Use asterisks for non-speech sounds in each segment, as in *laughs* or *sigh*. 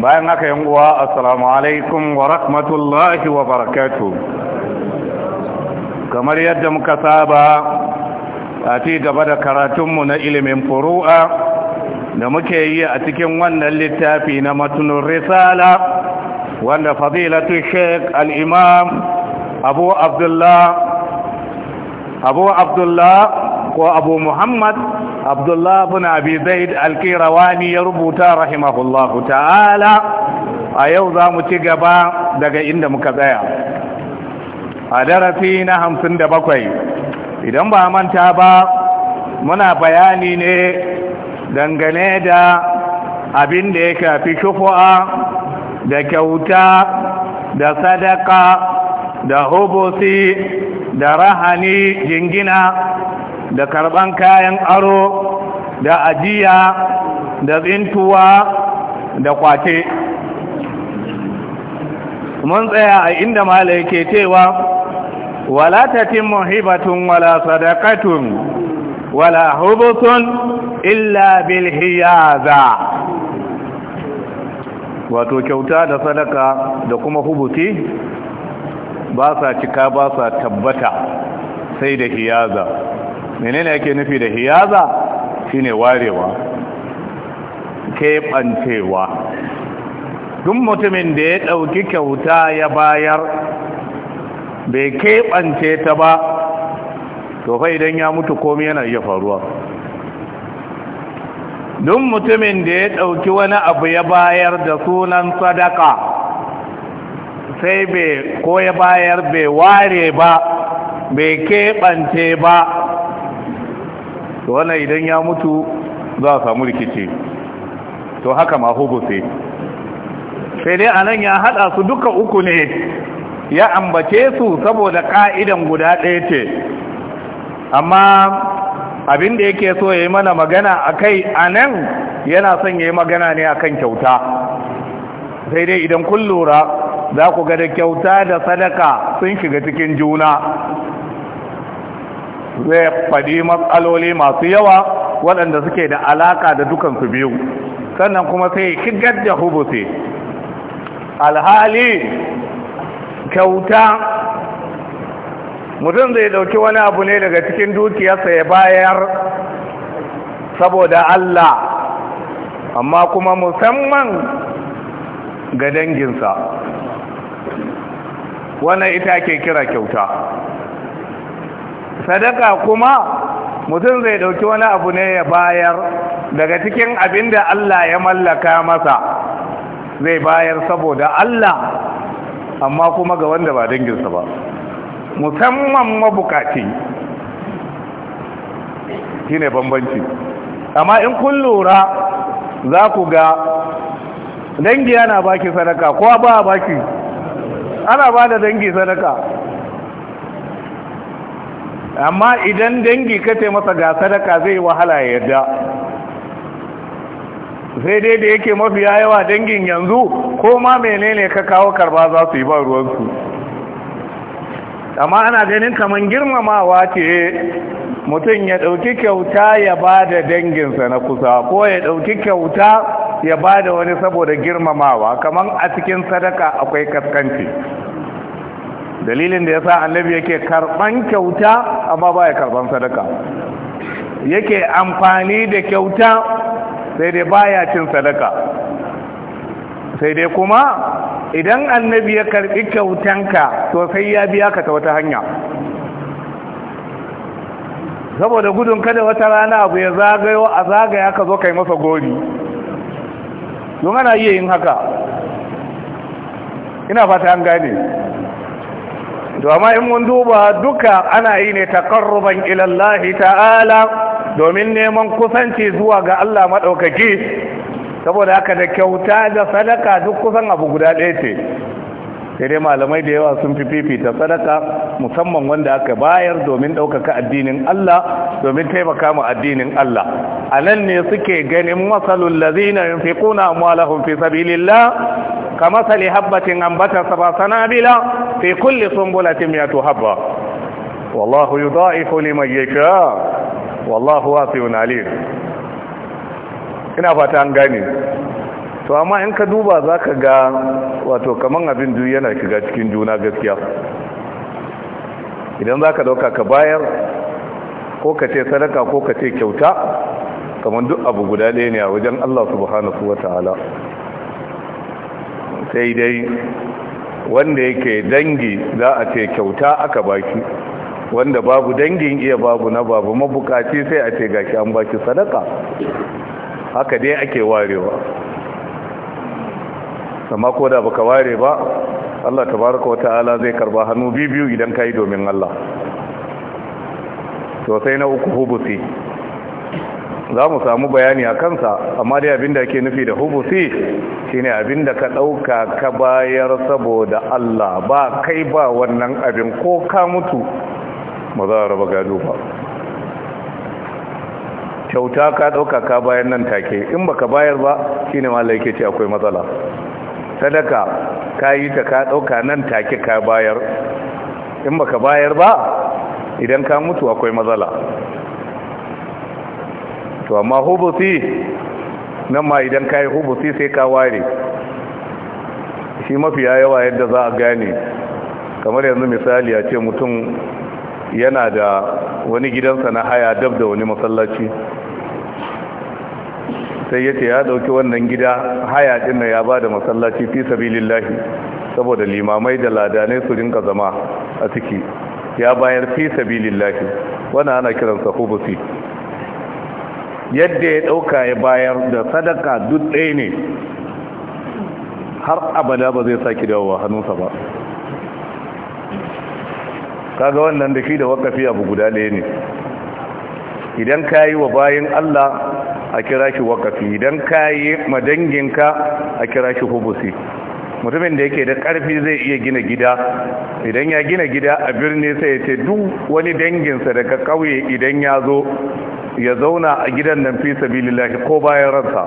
bayan haka yin uwa assalamu alaikum wa rahmatullahi wa barakatuh kamar yadda muka saba a ci gaba da karatunmu na ilimin furu'a da muke yi a cikin wannan littafi na matunan risala wanda fadilatu sheik al'imam abu abdullah abu abdullah ko abu muhammad abdullah bin abi zaid alqirawani ya rubuta rahimahullahu ta'ala a yau za mu ci gaba daga inda muka tsaya a darasi na hamsin da bakwai idan ba manta ba muna bayani ne dangane da abin da ya kafi shufu'a da kyauta da sadaka da hobosi da rahani jingina da karban kayan aro da ajiya da tsintuwa da kwace mun tsaya a inda mala ke cewa wala tatimmu muhibatun wala sadaqatun wala hubutun illa bil hiyaza wato kyauta da sadaka da kuma hubuti ba sa cika ba sa tabbata sai da hiyaza menene yake nufi da hiyaza shine warewa keɓancewa duk mutumin da ya ɗauki kyauta ya bayar bai keɓance ta ba to fa idan ya mutu komai yana iya faruwa duk mutumin da ya ɗauki wani abu ya bayar da sunan sadaka sai bai ko ya bayar bai ware ba bai keɓance ba to wannan idan ya mutu za a samu rikici to haka ma hubuse sai dai anan ya hada su duka uku ne ya ambace su saboda ka'idan guda ɗaya ce amma abin da yake so ya yi mana magana a kai a nan yana son ya yi magana ne akan kyauta sai dai idan kun lura za ku ga da kyauta da sadaka sun shiga cikin juna zai faɗi matsaloli masu yawa waɗanda suke da alaƙa da dukansu biyu sannan kuma sai shigar da hubusi alhali kyauta mutum zai ɗauki wani abu ne daga cikin dukiyarsa ya bayar saboda Allah amma kuma musamman ga danginsa wannan ita ke kira kyauta sadaka kuma mutum zai dauki wani abu ne ya bayar daga cikin abin da Allah ya mallaka masa zai bayar saboda Allah amma kuma ga wanda ba danginsa ba musamman mabukaci shi ne bambanci amma in kun lura za ku ga dangi yana baki sadaka ko ba baki ana ba da dangi sadaka amma idan dangi ka ce masa ga sadaka zai wahala ya yarda sai dai da yake mafi yawa dangin yanzu ko ma menene ka kawo karba za su yi ba ruwansu amma ana ganin kaman girmamawa ce mutum ya ɗauki kyauta ya ba da danginsa na kusa ko ya ɗauki kyauta ya ba da wani saboda girmamawa kamar a cikin sadaka akwai kaskanci dalilin da ya sa annabi yake karban kyauta amma ba ya karban sadaka yake amfani da kyauta sai dai ba ya cin sadaka sai dai kuma idan annabi ya karbi kyautanka to sai ya biya ka ta wata hanya saboda gudun kada wata rana abu ya zagayo a zagaya ka zo kai masa gori don ana iya yin haka ina fata an gane to amma in mun duba duka ana yi ne taqarruban ila ta'ala domin neman kusanci zuwa ga Allah madaukaki saboda haka da kyauta da sadaka duk kusan abu guda ɗaya ce sai malamai da yawa sun fi fifita sadaka musamman wanda aka bayar domin ɗaukaka addinin Allah domin taimaka mu addinin Allah a nan ne suke ganin masalul lazina yunfiquna amwalahum fi sabilillah kamasali habbatin ambata saba sanabila fi kulli sumbulatin miyatu habba wallahu yudha'ifu mai yasha wallahu wasi'un alim ina fata an gani. to amma in ka duba za ka ga wato kamar abin duk yana shiga cikin juna gaskiya idan za ka dauka ka bayar ko ka ce sadaka ko ka ce kyauta kaman duk abu guda ɗaya ne a wajen Allah subhanahu wa ta'ala sai dai wanda yake dangi za a ce kyauta aka baki wanda babu dangin iya babu na babu mabukaci sai a ce gashi an baki sadaka haka dai ake warewa amma ko da baka ware ba Allah tabaraka wa ta'ala zai karba hannu biyu idan kai domin Allah to sai na uku hubusi za mu samu bayani a kansa amma dai abinda ake nufi da hubusi shine abinda ka dauka ka bayar saboda Allah ba kai ba wannan abin ko ka mutu ba za a raba gado ba kyauta ka dauka ka bayan nan take in baka bayar ba shine mallake ce akwai matsala sadaka ka yi ta ka ɗauka nan take ka bayar in baka bayar ba idan ka mutu akwai matsala to amma hubusi nan ma idan ka yi hubusi sai ka ware shi mafi yawa yadda za a gane kamar yanzu misali a ce mutum yana da wani gidansa na haya dab da wani masallaci sai ya ce ya dauki wannan gida haya din ya ba da masallaci fi sabilillahi saboda limamai da ladanai su rinka zama a ciki ya bayar fi sabilillahi wanda ana kiransa hubusi yadda ya dauka ya bayar da sadaka duk ɗaya ne har abada ba zai saki a hannunsa ba kaga wannan da shi da wakafi abu guda ɗaya ne idan ka yi wa bayan Allah a kira shi wakafi idan kayi madanginka a kira shi hubusi mutumin da yake da karfi zai iya gina gida idan ya gina gida a birni sai ya ce duk wani danginsa daga kauye idan ya zo ya zauna a gidan nan fi sabilillahi ko bayan ransa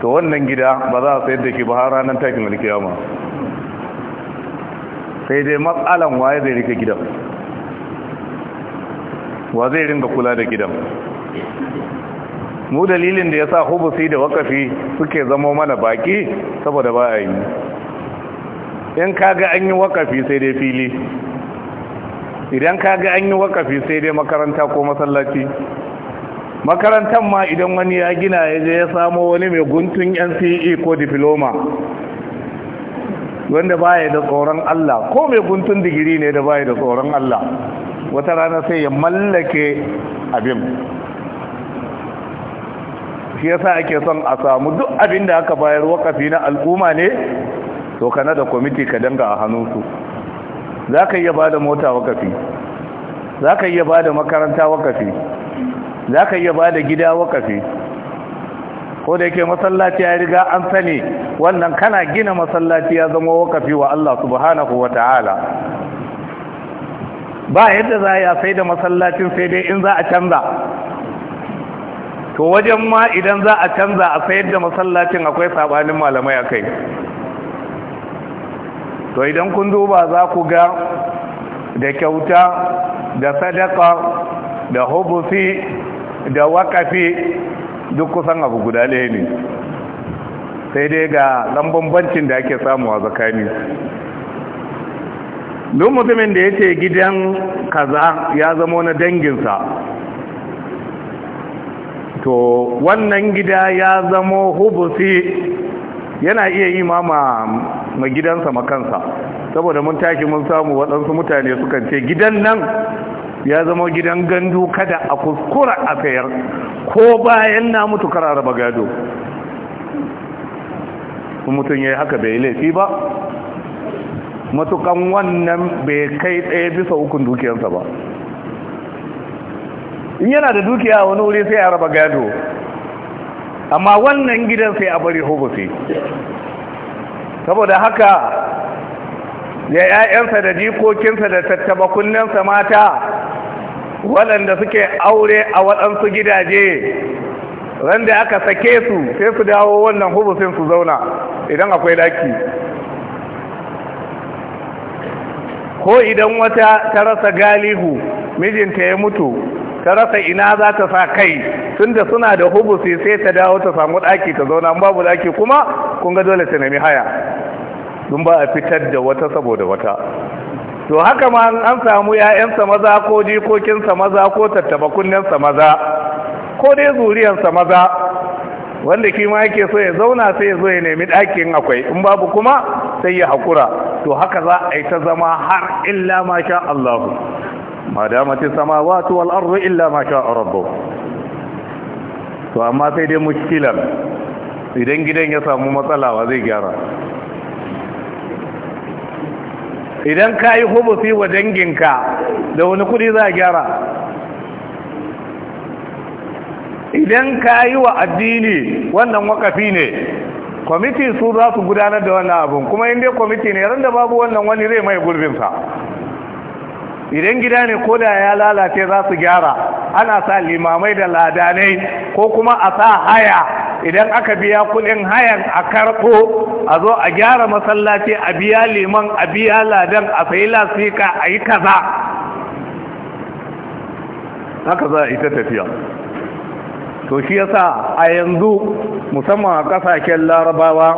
to wannan gida ba za a sayar da shi ba har ranar takin alkiyama sai dai matsalan waye zai rike gidan wa zai ringa kula da gidan mu dalilin da ya sa hubusi da wakafi suke zama mana baki saboda ba a yi in kaga an yi wakafi sai dai fili idan kaga an yi wakafi sai dai makaranta ko masallaci makarantar ma idan wani ya gina ya je ya samo wani mai guntun nce ko diploma wanda baya da tsoron Allah ko mai guntun digiri ne da baya da tsoron Allah wata rana sai ya mallake abin shi yasa ake son a samu duk abin da aka bayar wakafi na al'umma ne to kana da kwamiti ka danga a hannunsu za ka iya ba da mota wakafi za ka iya ba da makaranta wakafi za ka iya ba da gida wakafi ko da yake masallaci ya riga an sani wannan kana gina masallaci ya zama wakafi wa Allah subhanahu wa ta'ala ba yadda za a sai da masallacin sai dai in za a canza to wajen ma idan za a canza a sayar da masallacin akwai sabanin malamai a kai to idan kun duba za ku ga da kyauta da sadaka da hubusi da wakafi duk kusan abu guda ɗaya ne sai dai ga ɗan bambancin da ake samu a zakani duk mutumin da ya ce gidan kaza ya zama na danginsa to wannan gida ya zamo hubusi yana iya yi mama ma gidansa makansa saboda mun tashi mun samu waɗansu mutane sukan ce gidan nan ya zama gidan gandu kada a kuskura a sayar ko bayan na mutu ba gado mutum ya yi haka bai laifi ba matukan wannan bai kai tsaye bisa hukun dukiyarsa ba in yana da dukiya wani wuri sai a raba gado amma wannan gidan sai a bari sai saboda haka ya ‘ya'yansa da jikokinsa da tattaba kunnensa mata waɗanda suke aure a waɗansu gidaje randa aka sake su sai su dawo wannan hubusin su zauna idan akwai daki ko idan wata ta rasa galihu mijinta ya mutu ta rasa ina za ta sa kai tunda suna da hubusi sai ta dawo ta samu daki ta zauna babu daki kuma kun ga dole ta nemi haya dun ba a fitar da wata saboda wata to haka ma an samu ‘ya'yansa maza ko jikokinsa maza ko tattaba kunnensa maza ko dai zuriyarsa maza wanda kima yake so ya zauna sai ya zo ya nemi ɗakin akwai in babu kuma sai ya haƙura to haka za a yi ta zama har illa masha Allah ma damatin sama wal ardu illa ma a rabu to amma sai dai mushkilar idan gidan ya samu matsala wa zai gyara idan ka yi hubusi wa danginka da wani kudi za a gyara idan ka yi wa addini wannan wakafi ne kwamiti su za su gudanar da wannan abin kuma inda kwamiti ne ran da babu wannan wani zai mai gurbinsa idan gida ne ko da ya lalace za su gyara ana sa limamai da ladanai ko kuma a sa haya idan aka biya kudin hayan a karɓo a zo a gyara masallaci a biya liman a biya ladan a sayi lasika a yi kaza haka za a ita tafiya to shi yasa a yanzu musamman a kasashen larabawa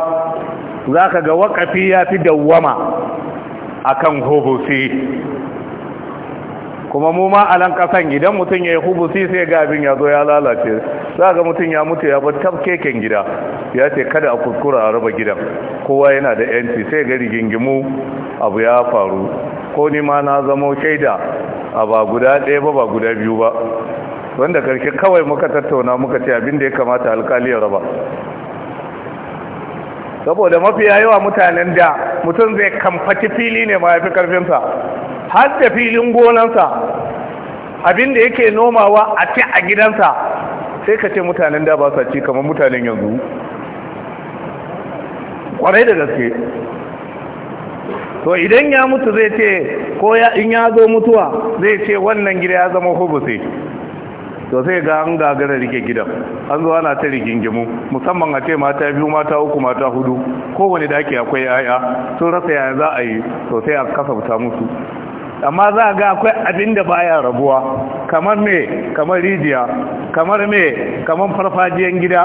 za ka ga wakafi ya fi dawwama akan hobosi kuma mu ma a nan kasan idan mutum ya yi hubusi sai ga abin ya zo ya lalace za ga mutum ya mutu ya bar keken gida ya ce kada a kuskura a raba gidan kowa yana da yanci sai ga rigingimu abu ya faru ko ni ma na zamo shaida a ba guda ɗaya ba ba guda biyu ba wanda karshe kawai muka tattauna muka ce abin da ya kamata alkali ya raba saboda mafi yawa mutanen da mutum zai kamfaci fili ne ma ya fi karfinsa har da filin gonansa abinda yake nomawa a ci a gidansa sai ka ce mutanen da ba sa ci kamar mutanen yanzu kwarai da gaske to idan ya mutu zai ce ko in ya zo mutuwa zai ce wannan gida ya zama hubuse to sai ga an gagara rike gidan an zo ana ta rigingimu musamman a ce mata biyu mata uku mata hudu kowane daki akwai yaya sun rasa yaya za a yi to sai a kasa musu amma za ga akwai abin da baya rabuwa kamar me kamar rijiya kamar me kamar farfajiyan gida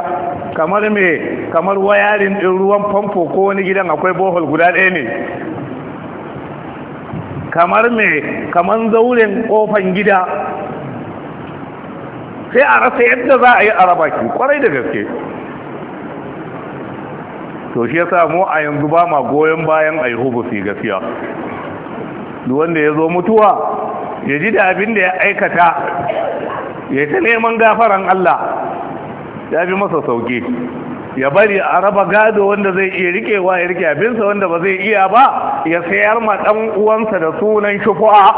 kamar me kamar wayarin din ruwan famfo ko wani gidan akwai bohol guda ɗaya ne kamar me kamar zauren kofan gida sai a rasa yadda za a yi raba ki kwarai da gaske to shi ya samu a yanzu ba ma goyon bayan a yi hubusi gaskiya wanda ya zo mutuwa ya ji da abin da ya aikata ya ta neman gafaran Allah ya fi masa sauki ya bari a raba gado wanda zai iya rikewa ya rike abinsa wanda ba zai iya ba ya sayar ma ɗan uwansa da sunan shufuwa.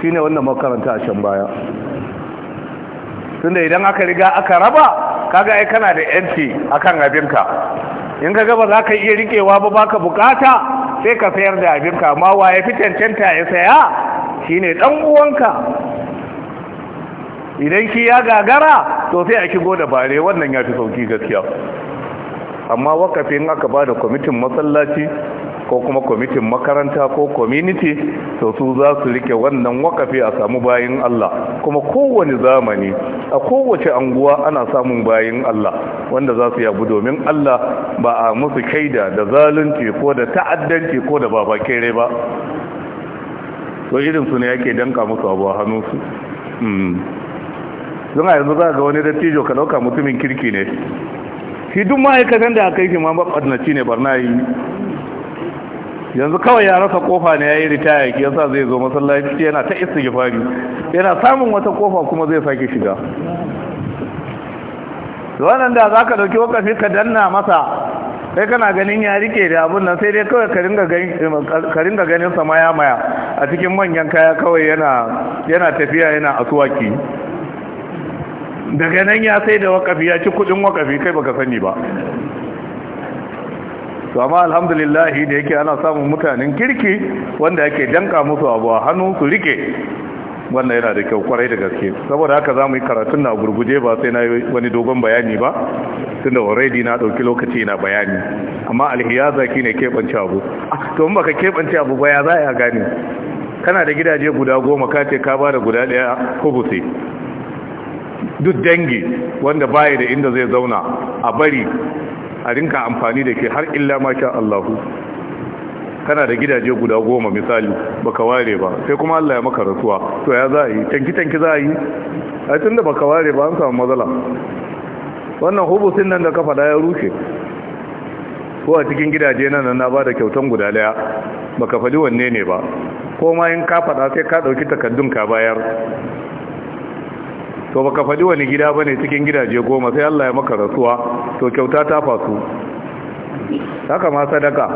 shi ne wanda makaranta a shan baya tunda idan aka riga aka raba kaga ai kana da yanci akan abinka in ka gaba za ka iya rikewa ba baka bukata sai ka sayar da abinka amma wa ya fi cancanta ya saya shine dan uwanka idan ki ya gagara to sai a shigo da bare wannan ya fi sauki gaskiya amma wakafin aka ba da kwamitin masallaci ko kuma kwamitin makaranta ko community to su za su rike wannan wakafi a samu bayan Allah kuma kowane zamani a kowace anguwa ana samun bayin Allah wanda za su yabu domin Allah ba a musu kaida da zalunci ko da ta'addanci ko da baba kere ba to irin su ne yake danka musu abu a hannunsu hmm. don a yanzu za ga wani dattijo ka dauka mutumin kirki ne shi duk ma'aikatan da aka yi shi ma mabarnaci ne barna yi yanzu kawai ya rasa kofa ne yi ritaya ki yasa zai zo masallaci yana ta istighfari yana samun wata kofa kuma zai sake shiga wannan da zaka dauki wakafi ka danna masa sai kana ganin ya rike da abun nan sai dai kawai ka ringa ganin sa maya maya a cikin manyan kaya kawai yana yana tafiya yana asuwaki daga nan ya sai da wakafi ya ci kudin wakafi kai baka sani ba to amma alhamdulillah da yake ana samun mutanen kirki wanda yake danka musu abu a hannu su rike wannan yana da kyau kwarai da gaske saboda haka za mu yi karatun na gurguje ba sai na wani dogon bayani ba tun da already na ɗauki lokaci na bayani amma alhiyaza ki ne keɓance abu to in baka keɓance abu ba ya za a gane kana da gidaje guda goma ka ce ka ba da guda ɗaya kubusi duk dangi wanda baya da inda zai zauna a bari a rinka amfani da ke har illa ma sha Allahu kana da gidaje guda goma misali baka ware ba sai kuma Allah ya maka rasuwa to ya za a yi tanki tanki za a yi a tun da baka ware ba an samu matsala wannan hubusin nan da kafa da ya rushe ko a cikin gidaje nan na ba da kyautan guda daya baka fadi wanne ne ba ko ma in ka faɗa sai ka ɗauki takardun ka bayar to baka faɗi wani gida ba ne cikin gidaje goma sai Allah ya maka rasuwa to kyauta ta fasu haka ma sadaka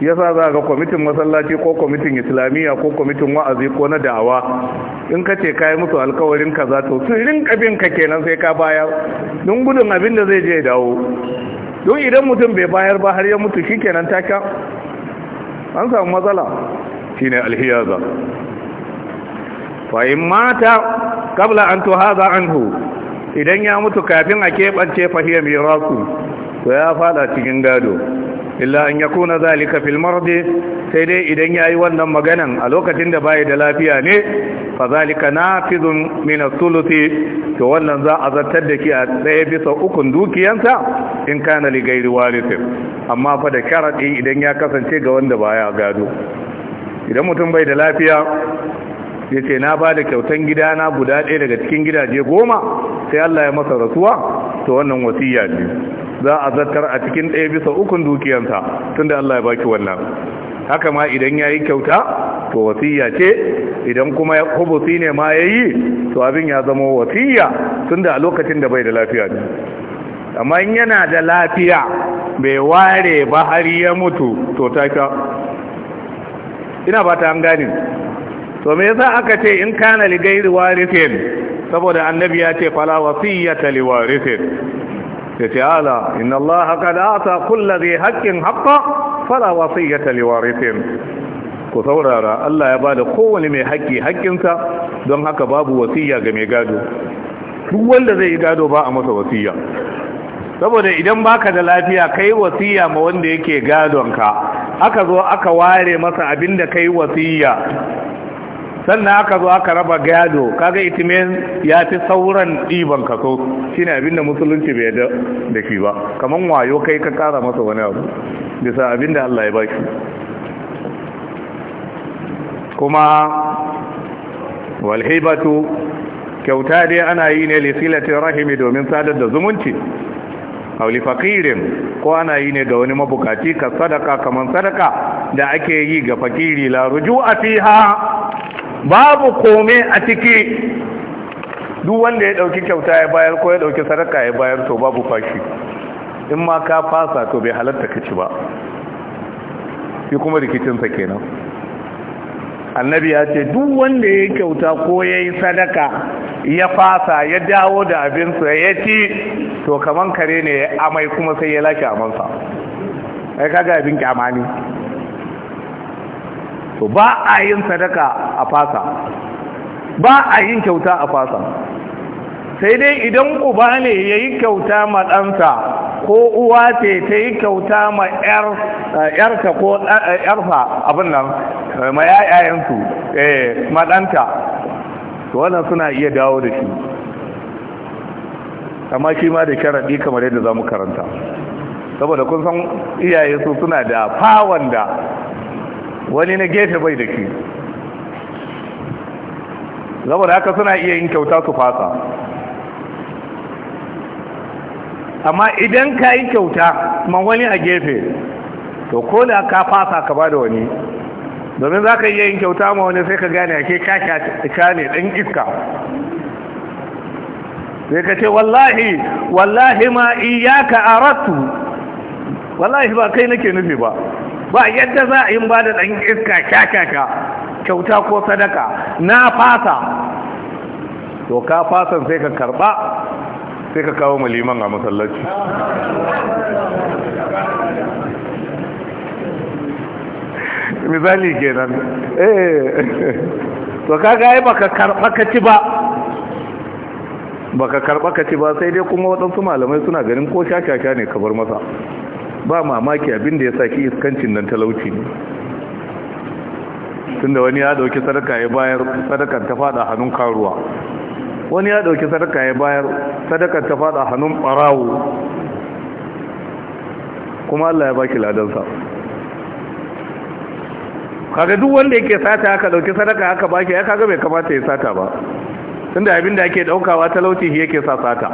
yasa za ga kwamitin masallaci ko kwamitin islamiyya ko kwamitin wa'azi ko na da'awa in ka ce kayi musu alkawarin za to su rinka bin ka kenan sai ka bayar don gudun abin da zai je dawo don idan mutum bai bayar ba har ya mutu shikenan ta an samu matsala shine alhiyaza fa'in mata kabla an tuhaza anhu idan ya mutu kafin a keɓance fahiyar miraku to ya fada cikin gado illa an ya kuna zalika fil mardi sai dai idan ya yi wannan maganan a lokacin da bayi da lafiya ne fa zalika nafizun min mina sulusi to wannan za a zartar da ki a tsaye bisa ukun dukiyansa in kana li gairi amma fa da ɗin idan ya kasance ga wanda baya gado idan mutum bai da lafiya ya ce na ba da kyautan na guda ɗaya daga cikin gidaje goma sai Allah ya masa rasuwa to wannan wasiya ne. za a zartar a cikin ɗaya bisa ukun dukiyansa tunda Allah ya baki wannan haka ma idan ya yi kyauta to wasiya ce idan kuma ya hubusi ne ma ya yi to abin ya zama wasiya tunda a lokacin da bai da lafiya ne amma in yana da lafiya bai ware ba har ya mutu to ta ina ba ta an gane to me yasa aka ce in kana li gairi warithin saboda annabi ya ce fala wasiyata li warithin ya ce ala inna Allah qad ata kulli dhi haqqin haqqa fala wasiyata li warithin ku saurara Allah ya bada kowane mai haƙƙi haƙƙinsa don haka babu wasiya ga mai gado duk wanda zai yi gado ba a masa wasiya saboda idan baka da lafiya kai wasiya ma wanda yake gadonka aka zo aka ware masa abinda kai wasiya sannan aka zo aka raba gado kaga itimen ya fi sauran ɗiban kaso shine abinda musulunci bai da da shi ba kaman wayo kai ka kara masa wani abu bisa abinda Allah ya baki kuma walhibatu kyauta dai ana yi ne lisilati rahimi domin sadar da zumunci a fakirin ko ana yi ne ga wani mabukaci ka sadaka kamar sadaka da ake yi ga fakiri la rujua fiha babu kome a ciki duk wanda ya dauki kyauta ya bayar ko ya dauki sadaka ya bayar to babu fashi in ma ka fasa to bai halatta ka ci ba shi kuma rikicinsa kenan annabi ya ce duk wanda ya kyauta ko ya yi sadaka ya fasa ya dawo da abinsa ya ci to kaman kare ne ya amai kuma sai ya lake amansa ai kaga abin kyamani. to ba a yin sadaka a fasa ba a yin kyauta a fasa sai dai idan uba ne ya yi kyauta ma ɗansa ko uwa ce ta yi kyauta ma ‘yarta eh, ko eh, ƴarfa abin nan eh, ma ‘ya'yayensu ma ɗanta wannan suna iya dawo da shi amma shi ma da sharaɗi kamar yadda za mu karanta saboda kun san iyaye su suna da fawon da wani na gefe bai da shi da haka suna iya yin kyauta su fasa amma idan ka yi kyauta ma wani a gefe to ko da ka fasa ka ba da wani domin za ka iya yin kyauta ma wani sai ka gane ake kaka ne ɗan iska sai ka ce wallahi wallahi ma iyaka aratu wallahi ba kai nake nufi ba ba yadda za a yi ba da ɗan iska kyakyaka kyauta ko sadaka na fasa to ka fasan sai ka karɓa sai ka kawo maliman a masallaci misali kenan eh to kaga ba baka karba ka ci ba baka karba ka ci ba sai dai kuma waɗansu malamai suna ganin ko shashasha ne kabar masa ba mamaki abin da ya saki iskancin nan talauci ne tunda wani ya dauki sadaka ya bayar sadakar ta fada hannun karuwa wani ya dauki sadaka ya bayar sadakar ta fada hannun barawo kuma Allah ya baki ladansa kaga duk wanda yake sata aka dauki sadaka aka baki ya kaga bai kamata ya sata ba tunda abin da ake daukawa talauci shi yake sa sata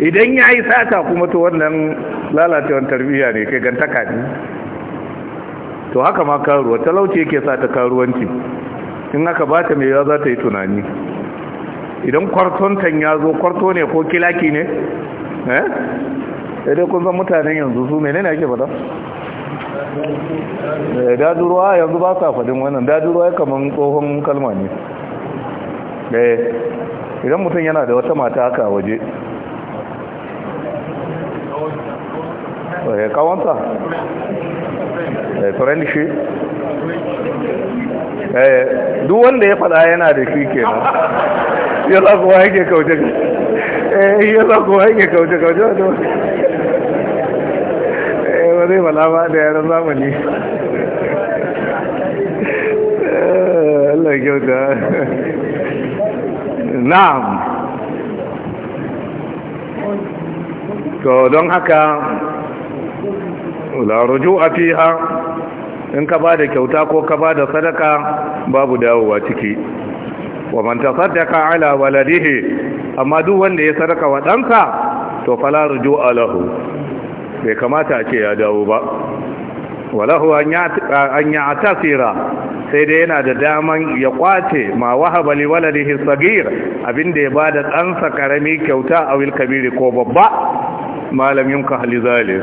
idan ya yi sata kuma to wannan lalacewar tarbiyya ne kai gantaka ne to haka ma karuwa talauci yake sa ta karuwanci in haka ba ta mai za ta yi tunani idan kwartontan ya zo kwarto ne ko kilaki ne eh idan kun san mutanen yanzu su menene ake fada eh, daduruwa yanzu ba sa fadin wannan daduruwa kamar tsohon kalma ne eh, idan mutum yana da wata mata haka waje Eh, kawanta turanci eh, shi eh, duk wanda ya fada yana da shi ke nan ya za kuwa yake kauce ya za kuwa yake kauce kauce wata wani malama da yaran zamani Allah ya kyauta na'am to don haka la a fiha in ka bada kyauta ko ka bada sadaka babu dawowa ciki wa man tasaddaqa ala waladihi amma duk wanda ya sadaka wa danka to fala ruju lahu bai kamata a ce ya dawo ba walahu an ya tasira sai dai yana da daman ya kwace ma wahaba li waladihi sagir abinda ya bada ɗansa karami kyauta a kabiri ko babba malamin ka halizale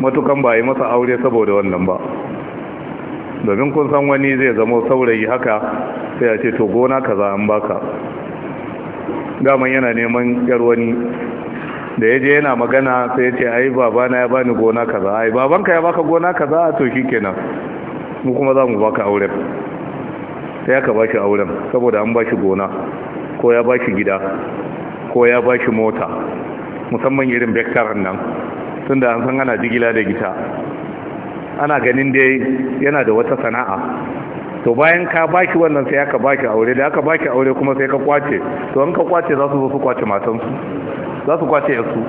matukan ba yi masa aure saboda wannan ba domin kun san wani zai zama saurayi haka sai a ce to gona za an baka daman yana neman yar wani da ya je yana magana sai ya ce ai babana ya bani gona kaza ai babanka ya baka gona kaza a shi kenan mu kuma za mu baka auren sai aka shi auren saboda an ba shi gona ko ya ba shi gida ko ya ba shi mota musamman irin bektaran nan tun da an san ana jigila da gita ana ganin dai yana da wata sana'a to bayan ka baki wannan sai aka baki aure da aka baki aure kuma sai ka kwace to an ka kwace za su zo su kwace matansu za su kwace yasu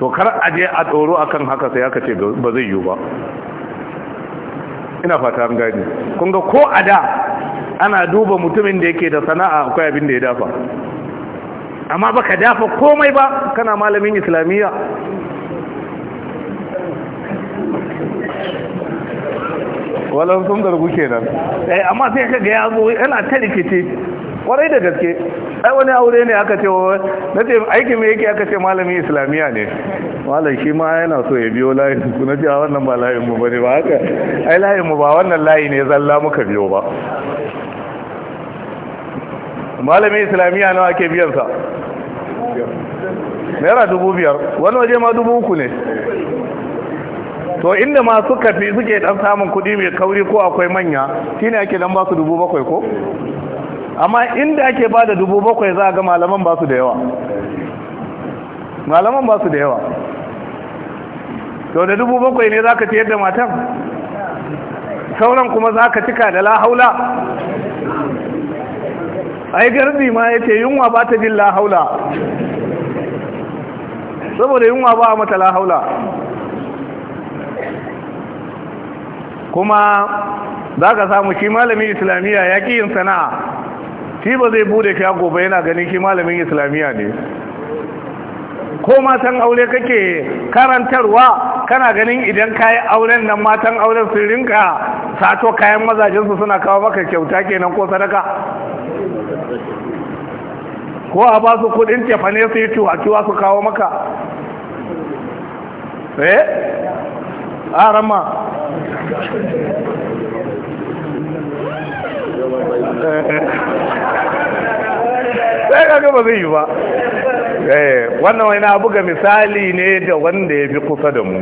to kar a je a tsoro akan haka sai aka ce ba zai yiwu ba ina fata an gani kun ga ko a da ana duba mutumin da yake da sana'a akwai abin da ya dafa amma ba ka dafa komai ba kana malamin islamiyya walon sun dargu nan eh amma sai kaga ya zo yana ta rikice kwarai da gaske ai wani aure ne aka ce na ce aiki me yake aka ce malamin islamiyya ne malam shi ma yana so ya biyo layin ku na ce wannan ba layin mu bane ba haka ai layin mu ba wannan layi ne zalla muka biyo ba malamin islamiyya nawa ake biyan sa biyar naira dubu biyar wani waje ma dubu uku ne to inda ma suka fi suke dan samun kudi mai kauri ko akwai manya shine ake dan ba su dubu bakwai ko amma inda ake ba da dubu bakwai za a ga malaman ba su da yawa malaman ba su da yawa to da dubu bakwai ne za ka ciyar da matan sauran kuma za ka cika da lahaula ai garbi ma ya ce yunwa ba ta jin lahaula saboda yunwa ba a mata lahaula kuma za ka samu shi malamin islamiyya ya ƙi yin sana'a shi ba zai bude shago ba yana ganin shi malamin islamiyya ne ko matan aure kake karantarwa kana ganin idan kayi auren nan matan auren sun rinka sato kayan mazajensu suna kawo maka kyauta kenan ko sadaka ko a ba su kudin tefa ne su yi su kawo maka eh a rama sai eh. eh, kaga ba zai yi ba eh, wannan wani na buga misali ne da wanda ya fi kusa da mu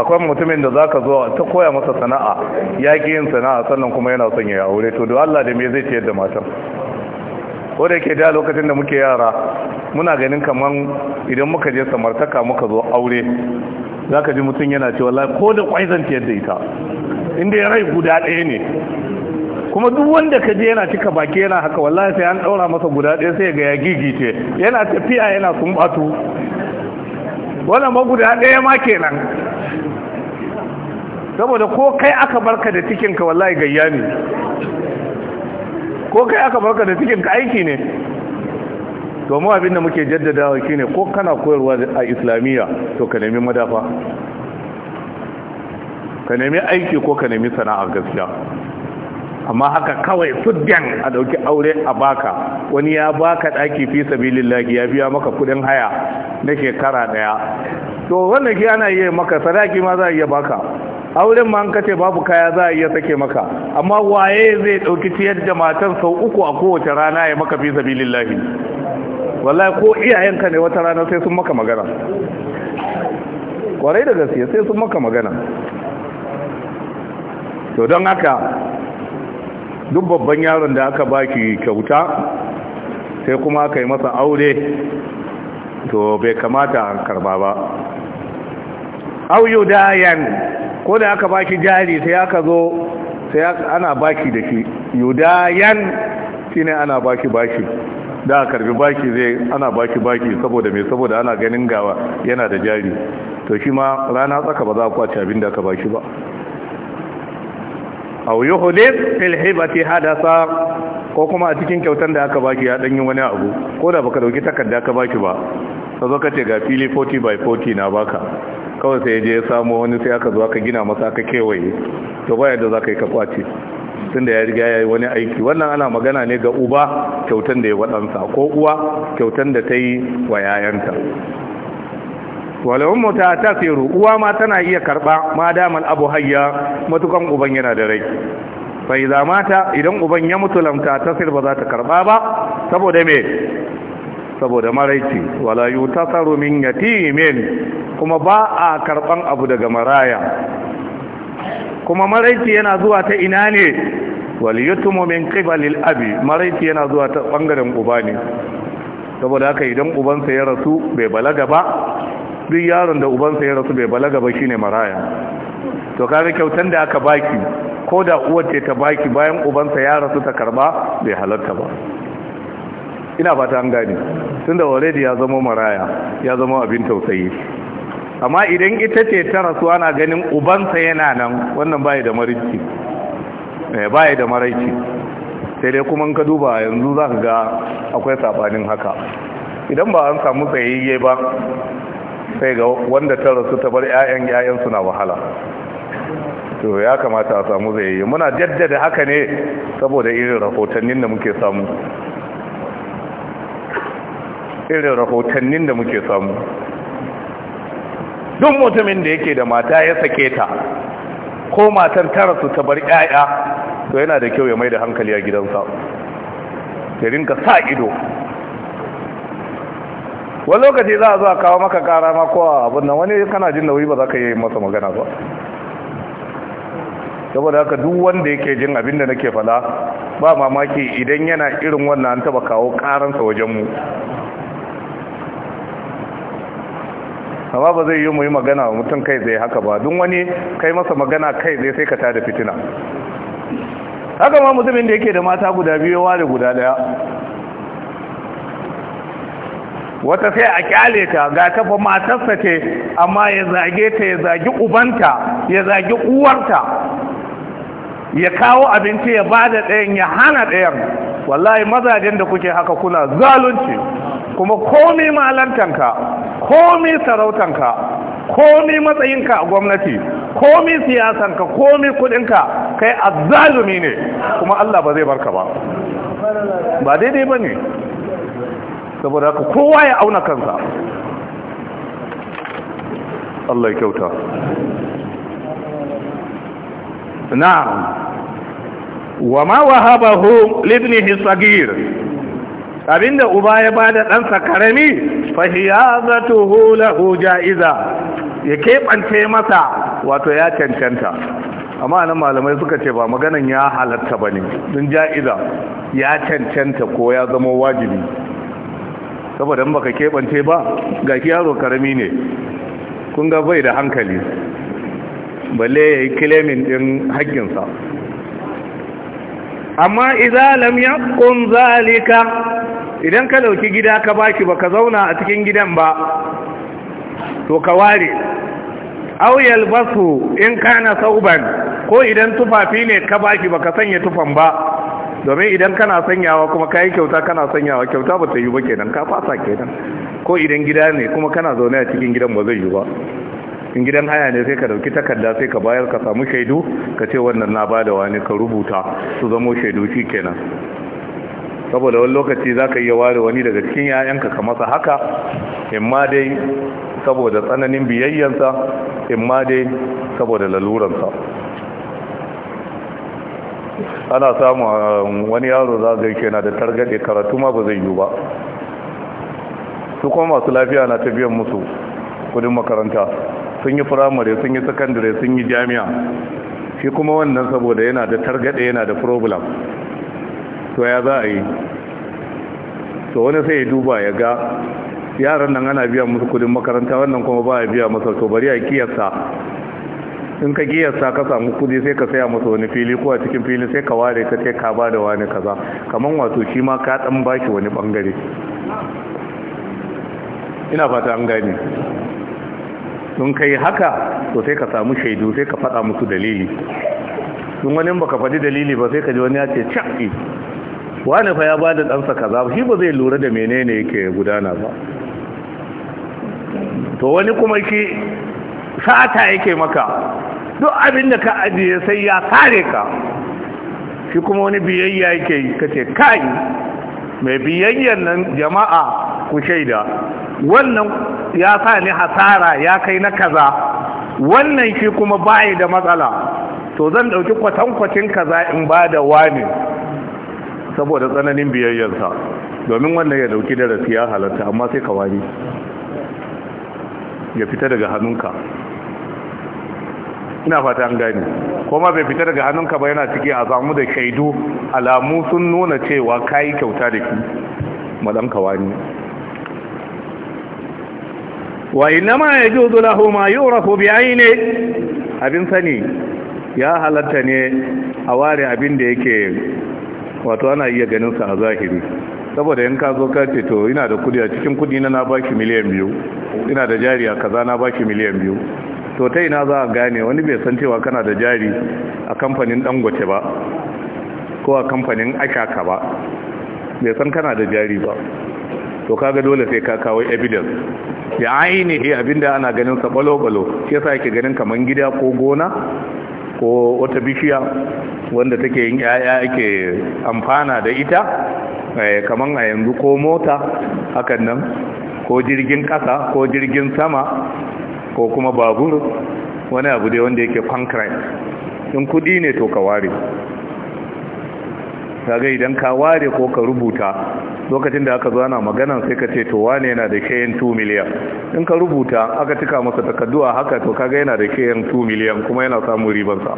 akwai mutumin da zaka zo ta koya masa sana'a ya yin sana'a sannan kuma yana son ya aure to da Allah da me zai ciyar da matan wadda yake da lokacin da muke yara muna ganin kamar idan muka je samartaka muka zo aure za ka ji mutum yana ce wallahi ko da kwaizanta yadda ita inda ya rai guda ɗaya ne kuma duk wanda ka je yana cika baki yana haka wallahi sai an ɗaura masa guda ɗaya sai ga ya gigice yana tafiya yana sumbatu wannan ma guda ɗaya ma kenan saboda ko kai aka barka da cikinka wallahi gayya ne ko kai aka barka da cikin ka aiki ne domin abin da muke jaddadawa shine ko kana koyarwa a islamiyya to ka nemi madafa ka nemi aiki ko ka nemi sana'a gaskiya amma haka kawai fuddan a dauki aure a baka wani ya baka daki fi sabilillahi ya biya maka kudin haya na shekara daya to wannan ki ana iya maka sadaki ma za a iya baka auren ma an kace babu kaya za a iya sake maka amma waye zai dauki ciyar da matan sau uku a kowace rana ya maka fi sabilillahi wallahi ko iyayenka ne wata rana sai sun maka magana kwarai da gaske sai sun maka magana to don haka duk babban yaron da aka baki kyauta sai kuma aka yi masa aure to bai kamata an karba ba au yan. ko da aka baki jari sai aka zo sai ana baki da shi yudayan shine ana baki baki da a karbi baki zai ana baki baki saboda mai saboda ana ganin gawa yana da jari to shi ma rana tsaka ba za a kwace abin da aka baki ba au yuhdith fil hibati hadasa ko kuma a cikin kyautar da aka baki ya danyi yi wani abu ko da baka dauki takarda ka baki ba sai zo ka ce ga fili 40 by 40 na baka kawai sai je ya samu wani sai aka zo aka gina masa aka kewaye to ba yadda za ka yi ka kwace tunda ya riga ya yi wani aiki wannan ana magana ne ga uba kyautan da ya waɗansa ko uwa kyautan da ta yi wa yayanta walawun mota ta firu uwa ma tana iya karɓa ma daman abu hayya matukan uban yana da rai bai za mata idan uban ya mutu lamta ta ba za ta karɓa ba saboda me saboda maraici walayu ta tsaro min yatimin kuma ba a karban abu daga maraya kuma maraici yana zuwa ta ina ne wal yutumu min qibalil abi maraici yana zuwa ta bangaren uba ne saboda haka idan ubansa ya rasu bai balaga ba duk yaron da ubansa ya rasu bai balaga ba shine maraya to kaga kyautan da aka baki ko da uwar ta baki bayan ubansa ya rasu ta karba bai halarta ba ina fata an gane tunda already ya zama maraya ya zama abin tausayi amma idan ita ce ta rasuwa na ganin ubansa yana nan wannan baya da maraici eh, baya da maraici sai dai kuma ka duba yanzu za ka ga akwai sabanin haka idan ba an samu tsayayye ba sai ga wanda ta rasu ta bar 'ya'yan 'ya'yan suna wahala to ya kamata a samu zai muna jaddada haka ne saboda irin rahotannin da muke samu irin rahotannin da muke samu duk mutumin da yake da mata ya sake ta ko matar tara su ta bar 'ya'ya, to yana da kyau ya mai da hankali a gidansa ya rinka sa ido wani lokaci za a zo a kawo maka kara ma kowa abin nan wani kana jin nauyi ba za ka yi masa magana ba saboda haka duk wanda yake jin abin da nake fada ba mamaki idan yana irin wannan an taba kawo karansa wajenmu amma ba zai yi mu yi magana mutum kai zai haka ba don wani kai masa magana kai zai sai ka tada fitina haka ma mutumin da yake da mata guda biyu ware guda daya wata sai a kyale ta ga tafa matarsa ce amma ya zage ta ya zagi ubanta ya zagi uwarta ya kawo abinci ya bada ɗayan ya hana ɗayan wallahi mazajen da kuke haka kuna zalunci kuma komi malantanka komi sarautanka komi matsayinka a gwamnati komi siyasanka komi kudinka kai azzalumi ne kuma Allah ba zai barka ba ba daidai ba ne saboda haka kowa ya auna kansa Allah ya kyauta na wa ma wahabahu libnihi sagir abinda uba ya bada ɗansa karami fahiyazatuhu lahu ja'iza ya keɓance masa wato ya cancanta amma nan malamai suka ce ba maganan ya halatta bane don ja'iza ya cancanta ko ya zama wajibi saboda in baka keɓance ba ga yaro karami ne kun ga bai da hankali balle ya yi kilimin ɗin haƙƙinsa amma idza lam yaqum zalika idan ka dauki gida ka baki baka zauna a cikin gidan ba to ka ware aw yalbasu in kana sauban ko idan tufafi ne ka baki baka sanya tufan ba domin idan kana sanyawa kuma kai kyauta kana sanyawa kyauta ba ta yi ba kenan ka fasa kenan ko idan gida ne kuma kana zaune a cikin gidan ba zai yi ba in gidan haya ne sai ka dauki takarda sai ka bayar ka samu shaidu ka ce wannan na bada wani ka rubuta su zamo shaidu shi kenan saboda wani lokaci za ka iya ware wani daga cikin yayanka ka masa haka imma dai saboda tsananin biyayyansa imma dai saboda laluransa ana samun um, wani yaro za ga yake na da targade karatu ma ba zai yi ba su kuma masu lafiya na ta biyan musu kudin makaranta sun yi firamare sun yi sakandare sun yi jami'a shi kuma wannan saboda yana da targade yana da problem to ya za a yi to wani sai ya duba ya ga yaran nan ana biya musu kudin makaranta wannan kuma ba a biya masa to bari a kiyasta in ka kiyasta ka samu kudi sai ka saya masa wani fili ko a cikin fili sai ka ware ka ce ka bada wani kaza kamar wato shi ma ka dan bashi wani bangare ina fata an gane sun kai haka to sai ka samu shaidu sai ka fada musu dalili sun wani ba ka faɗi dalili ba sai ka ji wani ya ce cakki. Eh, wani fa ya ba da ɗansa kaza shi ba zai lura da menene yake gudana ba to wani kuma shi sata yake maka duk abin da ka ajiye sai ya kare ka shi kuma wani biyayya yake kace kai mai biyayyan nan jama'a ku shaida wannan ya sa ni hasara ya kai na kaza wannan shi kuma bayi da matsala to zan ɗauki kwatankwacin kaza in ba da wani saboda tsananin biyayyarsa domin wannan ya ɗauki darasi ya halatta amma sai ka wani ya fita daga hannunka ina fata an gani kuma bai fita daga hannunka ba yana ciki a samu da shaidu alamu sun nuna cewa kayi kyauta da ki malamka wani wa ma yajuzu lahu ma yurafu bi ayni abin sani ya halatta ne a ware abin da yake wato ana iya ganin sa a zahiri saboda in ka zo ka to ina da kudi a cikin kudi na na baki miliyan biyu ina da jari a kaza na baki miliyan biyu to ta ina za a gane wani bai san cewa kana da jari a kamfanin dangote ba ko a kamfanin akaka ba bai san kana da jari ba to kaga dole sai ka kawo evidence ya ainihi abinda ana ganin sa balo-balo shi yasa yake ganin kaman gida ko gona ko wata bishiya wanda take yin yaya yake amfana da ita eh, kaman a yanzu ko mota hakan nan ko jirgin kasa ko jirgin sama ko kuma babur wani abu dai wanda yake concrete in kudi ne to ka ware kaga idan ka ware ko ka rubuta lokacin da aka zana magana sai ka ce to wane yana da kayan 2 miliyan in ka rubuta aka cika masa takardu a haka to kaga yana da kayan 2 miliyan kuma yana samun ribansa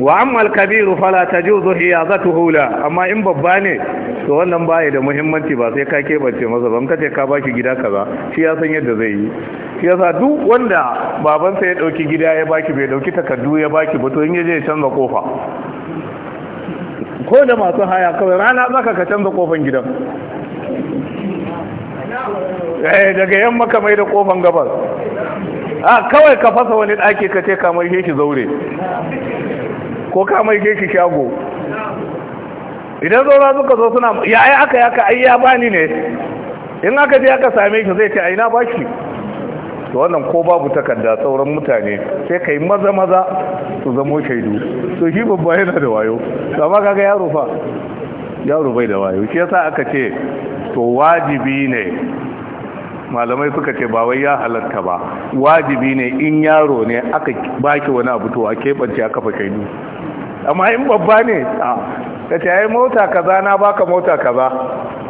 wa ammal kabiru fala za ta hula amma in babba ne to wannan baya da muhimmanci ba sai ka keɓance masa ban kace ka ba ki gida kaza shi ya san yadda zai yi shi sa duk wanda babansa ya dauki gida ya baki bai dauki takardu ya baki ba to in yaje ya canza kofa ko da masu haya kawai rana za ka canza kofan gidan eh daga yamma ka mai da kofan gabas a ah, kawai ka fasa wani daki ka ce kamar shi zaure ko ka mai ke shi shago idan zaura suka zo suna ya ai aka yaka ai ya bani ne in aka je aka same shi zai ce aina na bashi to wannan ko babu takarda sauran mutane sai kai maza maza su zamo shaidu to shi babba yana da wayo amma kaga yaro fa yaro bai da wayo shi yasa aka ce to wajibi ne malamai suka ce ba wai ya halatta ba wajibi ne in yaro ne aka baki wani abu to a keɓance a kafa shaidu amma in babba ne a ta ce ai mota kaza na baka mota kaza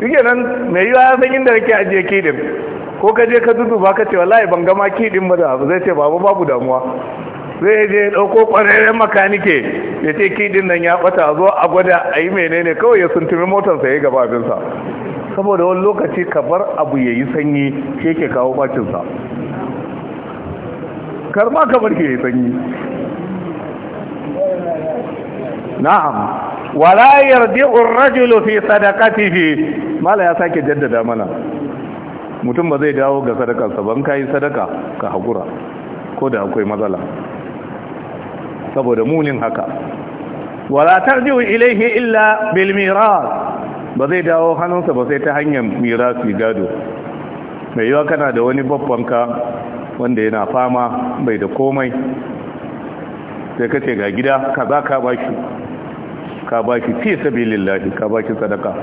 yake nan mai yiwa ya san inda rake ajiye kidin ko ka je ka dudu baka ce wallahi ban gama kidin ba zai ce babu babu damuwa zai je ɗauko ƙwararren makanike ya ce kidin nan ya ɓata zo a gwada a yi menene kawai ya suntumi motarsa ya yi gaba sa. saboda wani lokaci ka bar abu ya yi sanyi ke ke kawo sa kar ma ka bar ke ya sanyi na'am wala yarji'u ar-rajulu fi sadaqatihi mala ya sake jaddada mana mutum ba zai dawo ga sadakarsa ban kai sadaka ka hakura ko da akwai matsala saboda munin haka wala tarji'u ilayhi illa bil miras ba zai dawo hannunsa ba sai ta hanyar mirasi gado mai yiwa kana da wani babbanka wanda yana fama bai da komai sai ka ga gida kaza ka bashi ka ba ki fi sabilillahi ka ba ki sadaka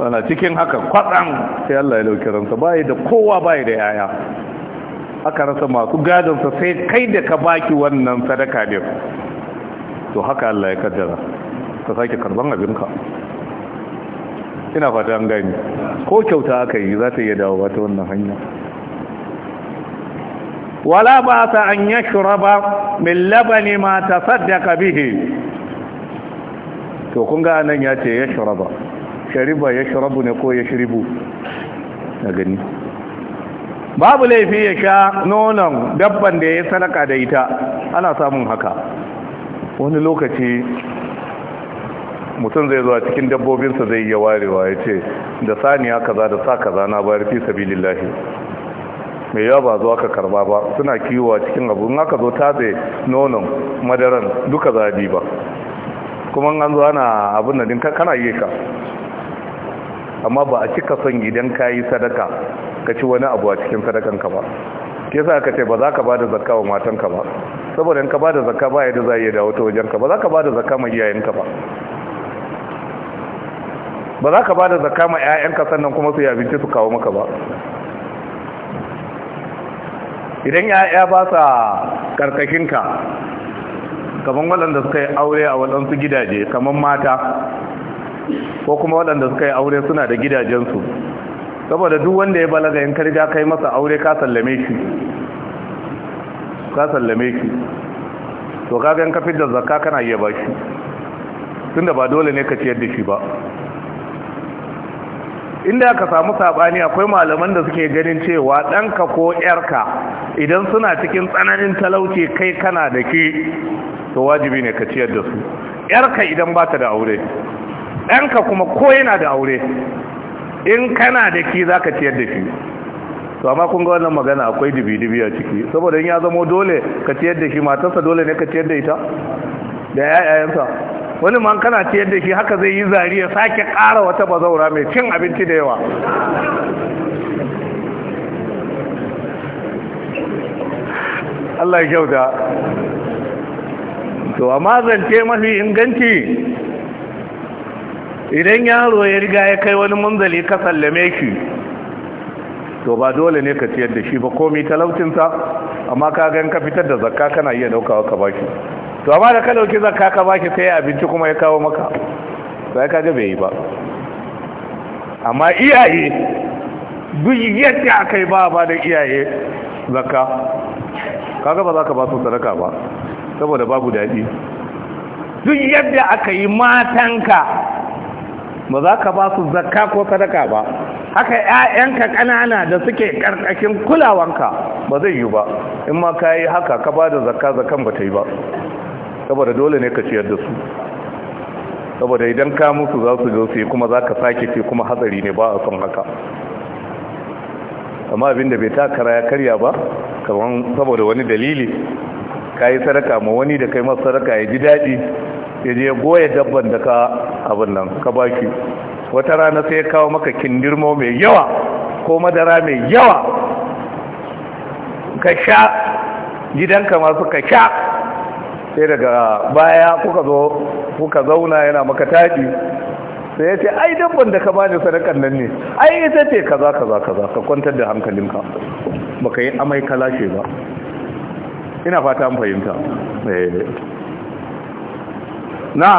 ana cikin haka kwaɗan sai Allah ya dauki ransa bai da kowa bai da yaya aka rasa masu gadonsa sai kai da ka baki wannan sadaka din to haka Allah ya kaddara ka sake karban abinka ina fata an gani ko kyauta aka yi za ta iya dawo ta wannan hanya wala ba sa an yashraba min labani ma tasaddaqa bihi to kun ga nan ya ce yashraba shariba yashrabu ne ko yashribu na gani babu laifi ya sha nonon dabban da ya sadaka da ita ana samun haka wani lokaci mutum zai zuwa cikin dabbobinsa zai iya warewa ya ce da saniya kaza da sa kaza na bayar fi lillahi mai yawa ba zuwa ka karba ba suna kiwo cikin abu in aka zo tatse nonon madaran duka za ba kuma an zo ana abin da dinka kana yi ka amma ba a cika son idan ka yi sadaka ka ci wani abu a cikin sadakanka ba ke sa ka ce ba za ka ba da zakka wa matanka ba saboda in ka ba da zakka ba yadda za a iya dawo ta wajenka ba za ka ba da zakka ma iyayenka ba ba za ka ba da zakka ma 'ya'yanka sannan kuma su yi abinci su kawo maka ba idan ya'ya ba sa karkashinka kamar waɗanda suka yi aure a waɗansu gidaje kamar mata ko kuma waɗanda suka yi aure suna da gidajensu saboda duk wanda ya balaga yin karga kai masa aure ka sallame shi ka sallame shi to kaga yin kafin da zakka kana iya bashi da ba dole ne ka ciyar da shi ba inda aka samu sabani akwai malaman da suke ganin cewa ɗanka ko ƴarka idan suna cikin tsananin talauci kai kana da ke to wajibi ne ka ciyar da su ƴarka idan ba ta da aure ɗanka kuma ko yana da aure in kana da ki za ka ciyar da shi to amma kun ga wannan magana akwai dibi-dibi a ciki saboda in ya zamo dole ka ciyar da shi matarsa dole ne ka ciyar da ita da yayayansa wani man kana ciyar da shi haka zai yi zari ya sake kara wata bazaura mai cin abinci da yawa Allah ya kyauta to amma zance mafi inganci idan yaro ya riga ya kai wani munzali ka sallame shi to ba dole ne ka ciyar da shi ba komi talaucinsa amma ka gan ka fitar da zakka kana iya daukawa ka bashi to amma da ka dauki zakka ka baki sai abinci kuma ya kawo maka sai ka ga bai yi ba amma iyaye duk yadda aka yi ba ba da iyaye zakka kaga ba za ka ba su sadaka ba saboda babu daɗi duk yadda aka yi matanka ba za ka ba su zakka ko sadaka ba haka 'ya'yanka ƙanana da suke ƙarƙashin kulawanka ba zai yi ba in ma ka yi haka ka ba da zakka zakan ba ta yi ba saboda dole ne ka ciyar da su saboda idan ka musu za su zo su kuma za ka sake ce kuma hatsari ne ba a son haka amma abinda bai takara ya karya ba kamar saboda wani dalili ka yi saraka ma wani da kai masu saraka ya ji daɗi ya je goya dabban da ka abin nan ka ba ki. wata rana sai ya kawo maka kindirmo mai yawa ko madara mai yawa ka sha gidanka masu ka sha sai daga baya kuka zo kuka zauna yana maka taɗi sai ya ce ai dabban da ka bani sadakan nan ne ai ita ce kaza kaza kaza ka kwantar da hankalinka baka yi amai ka lashe ba ina fata an fahimta eh. na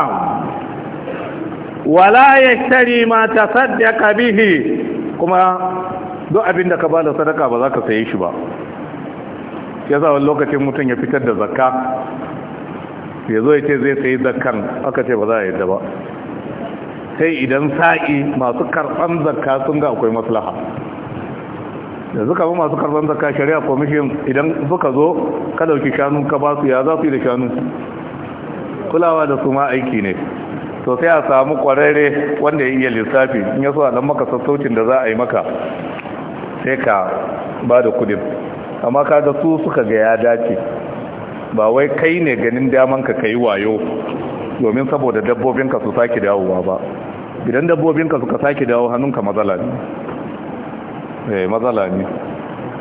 wala yashtari ma saddaka bihi kuma duk abin da ka bada sadaka ba za ka saye shi ba yasa wani lokacin mutum ya fitar da zakka ya zo ya ce zai sayi zakan aka ce ba za a yi ba sai idan sa'i masu karɓar zakka sun ga akwai maslaha da suka bi masu karɓar zakka shari'a komishin idan suka zo ka ɗauki shanu ka ba su ya za su yi da shanu kulawa da su ma aiki ne to sai a samu ƙwararre wanda ya iya lissafi in ya so a ɗan maka sassaucin da za a yi maka sai ka ba da kudin amma kaga su suka ga ya dace ba wai kai ne ganin daman ka kai wayo domin saboda dabbobinka su sake dawowa ba idan dabbobinka suka sake dawo hannunka matsala ne eh matsala ne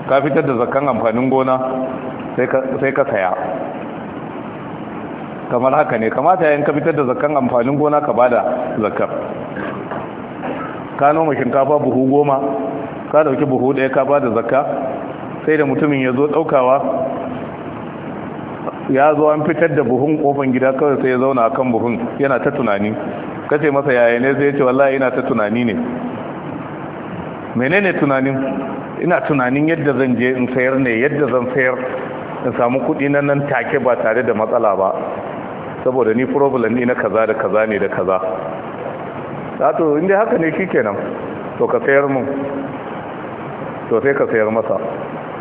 ka fitar da zakkan amfanin gona sai ka saya kamar haka ne kamata yayin ka fitar da zakkan amfanin gona ka bada zakkar ka noma shinkafa buhu goma ka dauki buhu ɗaya ka bada zakka sai da mutumin ya zo ɗaukawa ya zo an fitar da buhun kofan gida kawai sai ya zauna kan buhun yana ta tunani kace masa yaya ne sai ce wallahi ina ta tunani ne menene tunanin ina tunanin yadda zan je in sayar ne yadda zan sayar in samu kuɗi na nan take ba tare da matsala ba saboda ni problem ni na kaza da kaza ne da kaza to inda haka ne shikenan to ka sayar mun to sai ka sayar masa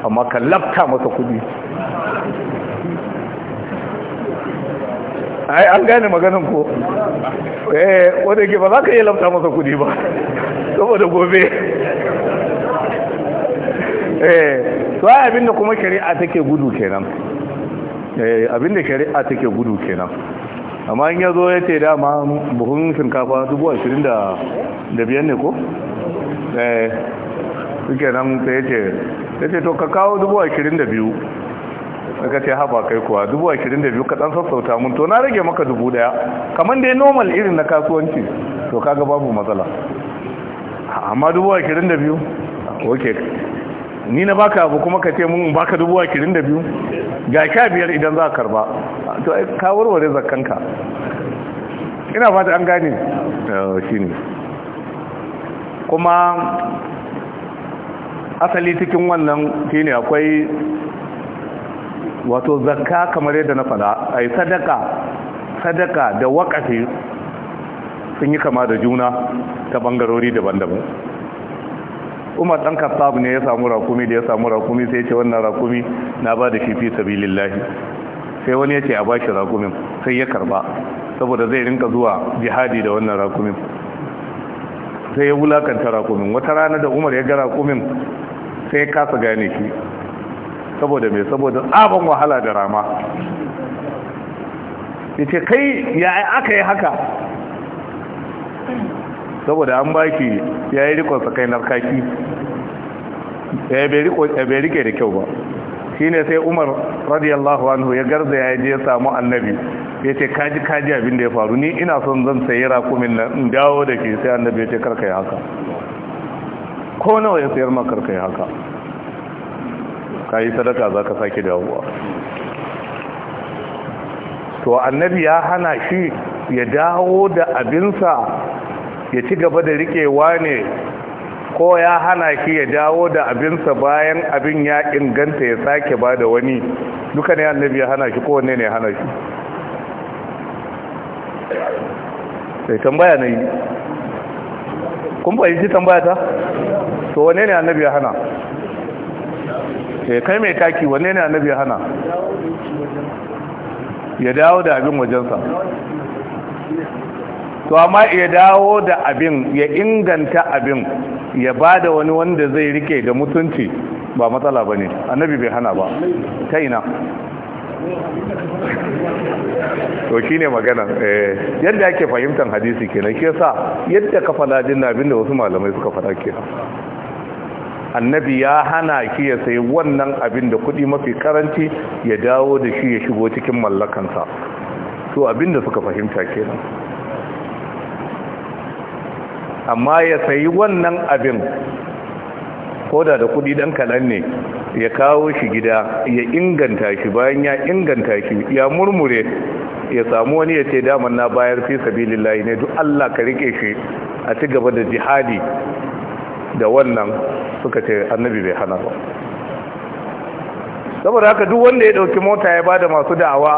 amma ka lafta masa kuɗi ai an gane maganin ko eh wanda ke ba za ka iya lamta masa kudi ba saboda gobe eh to ai abinda kuma shari'a take gudu kenan eh da shari'a take gudu kenan amma in yazo ya ce dama buhun shinkafa dubu ashirin da biyan ne ko eh suke nan sai ya ce ya ce to ka kawo dubu ashirin da biyu Ka ce haba kai kuwa dubu ashirin da biyu ka ɗan sassauta mun to na rage maka dubu ɗaya kamar dai normal irin na kasuwanci to kaga babu matsala amma dubu ashirin da biyu ok ni na baka abu kuma ka ce mun baka dubu ashirin da biyu ga sha biyar idan za ka karba to ka warware zakkanka ina fata an gane shi ne kuma asali cikin wannan shi ne akwai wato zakka kamar yadda na fada ai sadaka sadaka da wakafi sun yi kama da juna ta bangarori daban-daban umar dan kasab ne ya samu rakumi da ya samu rakumi sai ya ce wannan rakumi na ba da shi fi sai wani ya ce a bashi rakumin sai ya karba saboda zai rinka zuwa jihadi da wannan rakumin sai ya wulakanta rakumin wata rana da umar ya ga rakumin sai ya kasa gane shi saboda mai saboda tsaban wahala da rama yace kai ya aka yi haka saboda an baki ya yi rikon sakai narkaki ya eh, eh, bai rike da kyau ba shi ne sai umar radiyallahu anhu ya garza ya je samu annabi ya ce kaji kaji abin da ya faru ni ina son zan sayi rakumin na in dawo da ke sai annabi ya ce karka yi haka ko nawa ya sayar ma karka yi haka ka yi sadaka za ka sake dawowa to annabi ya hana shi ya dawo da abinsa ya ci gaba da riƙewa ne ko ya hana shi ya dawo da abinsa bayan abin ya inganta ya sake ba da wani duka ne annabi ya hana shi kowanne ne ya hana shi sai tambaya na yi kun shi tambaya ta to wane ne annabi ya hana ta kai mai taki wanne ne annabi hana ya dawo da abin wajensa to amma ya dawo da abin ya inganta abin ya ba da wani wanda zai rike da mutunci ba matsala ba ne annabi bai hana ba ta ina to shi ne magana eh, yadda ake fahimtar hadisi kenan ke sa yadda kafa ladin abin da wasu malamai suka fada kenan annabi ya hana shi ya sayi wannan abin da kuɗi mafi karanci ya dawo da shi ya shigo cikin mallakansa to abin da suka fahimta kenan amma ya sayi wannan abin koda da kuɗi dan kalan ne ya kawo shi gida ya inganta shi bayan ya inganta shi ya murmure ya samu wani ya ce daman na bayar fi sabilillahi ne duk Allah ka rike shi a ci gaba da jihadi da wannan suka ce annabi bai hana ba saboda haka duk wanda ya ɗauki mota ya bada masu da'awa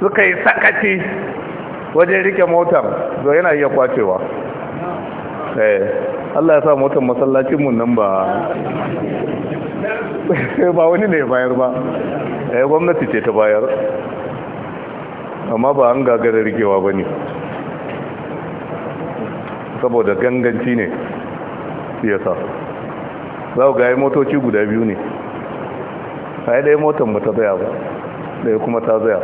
suka yi sakaci wajen rike motar zo yana iya kwacewa eh, Allah ya sa motar masallacin mun nan ba *laughs* ba wani ne bayar ba eh gwamnati ce ta bayar amma ba an gagarar rikewa ne. saboda ganganci ne siyasa za ku gaya motoci guda biyu ne a yi ɗaya motan ba ta zaya ba ɗaya kuma ta zaya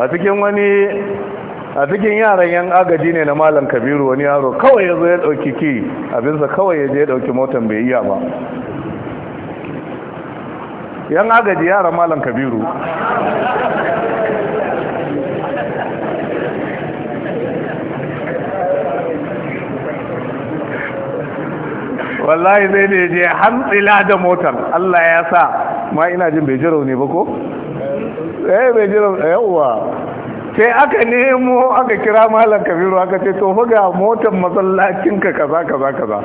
a cikin wani a cikin yaran yan agaji ne na malam kabiru wani yaro kawai ya zo ya ɗauki ki abinsa kawai ya je ya ɗauki motan bai iya ba yan agaji yaran malam kabiru wallahi zai ne je hantsila da motar Allah ya sa ma ina jin bai jiro ne ba ko eh bai jiro yawwa. sai aka nemo aka kira malam kabiru aka ce to ga motar masallacin ka kaza kaza kaza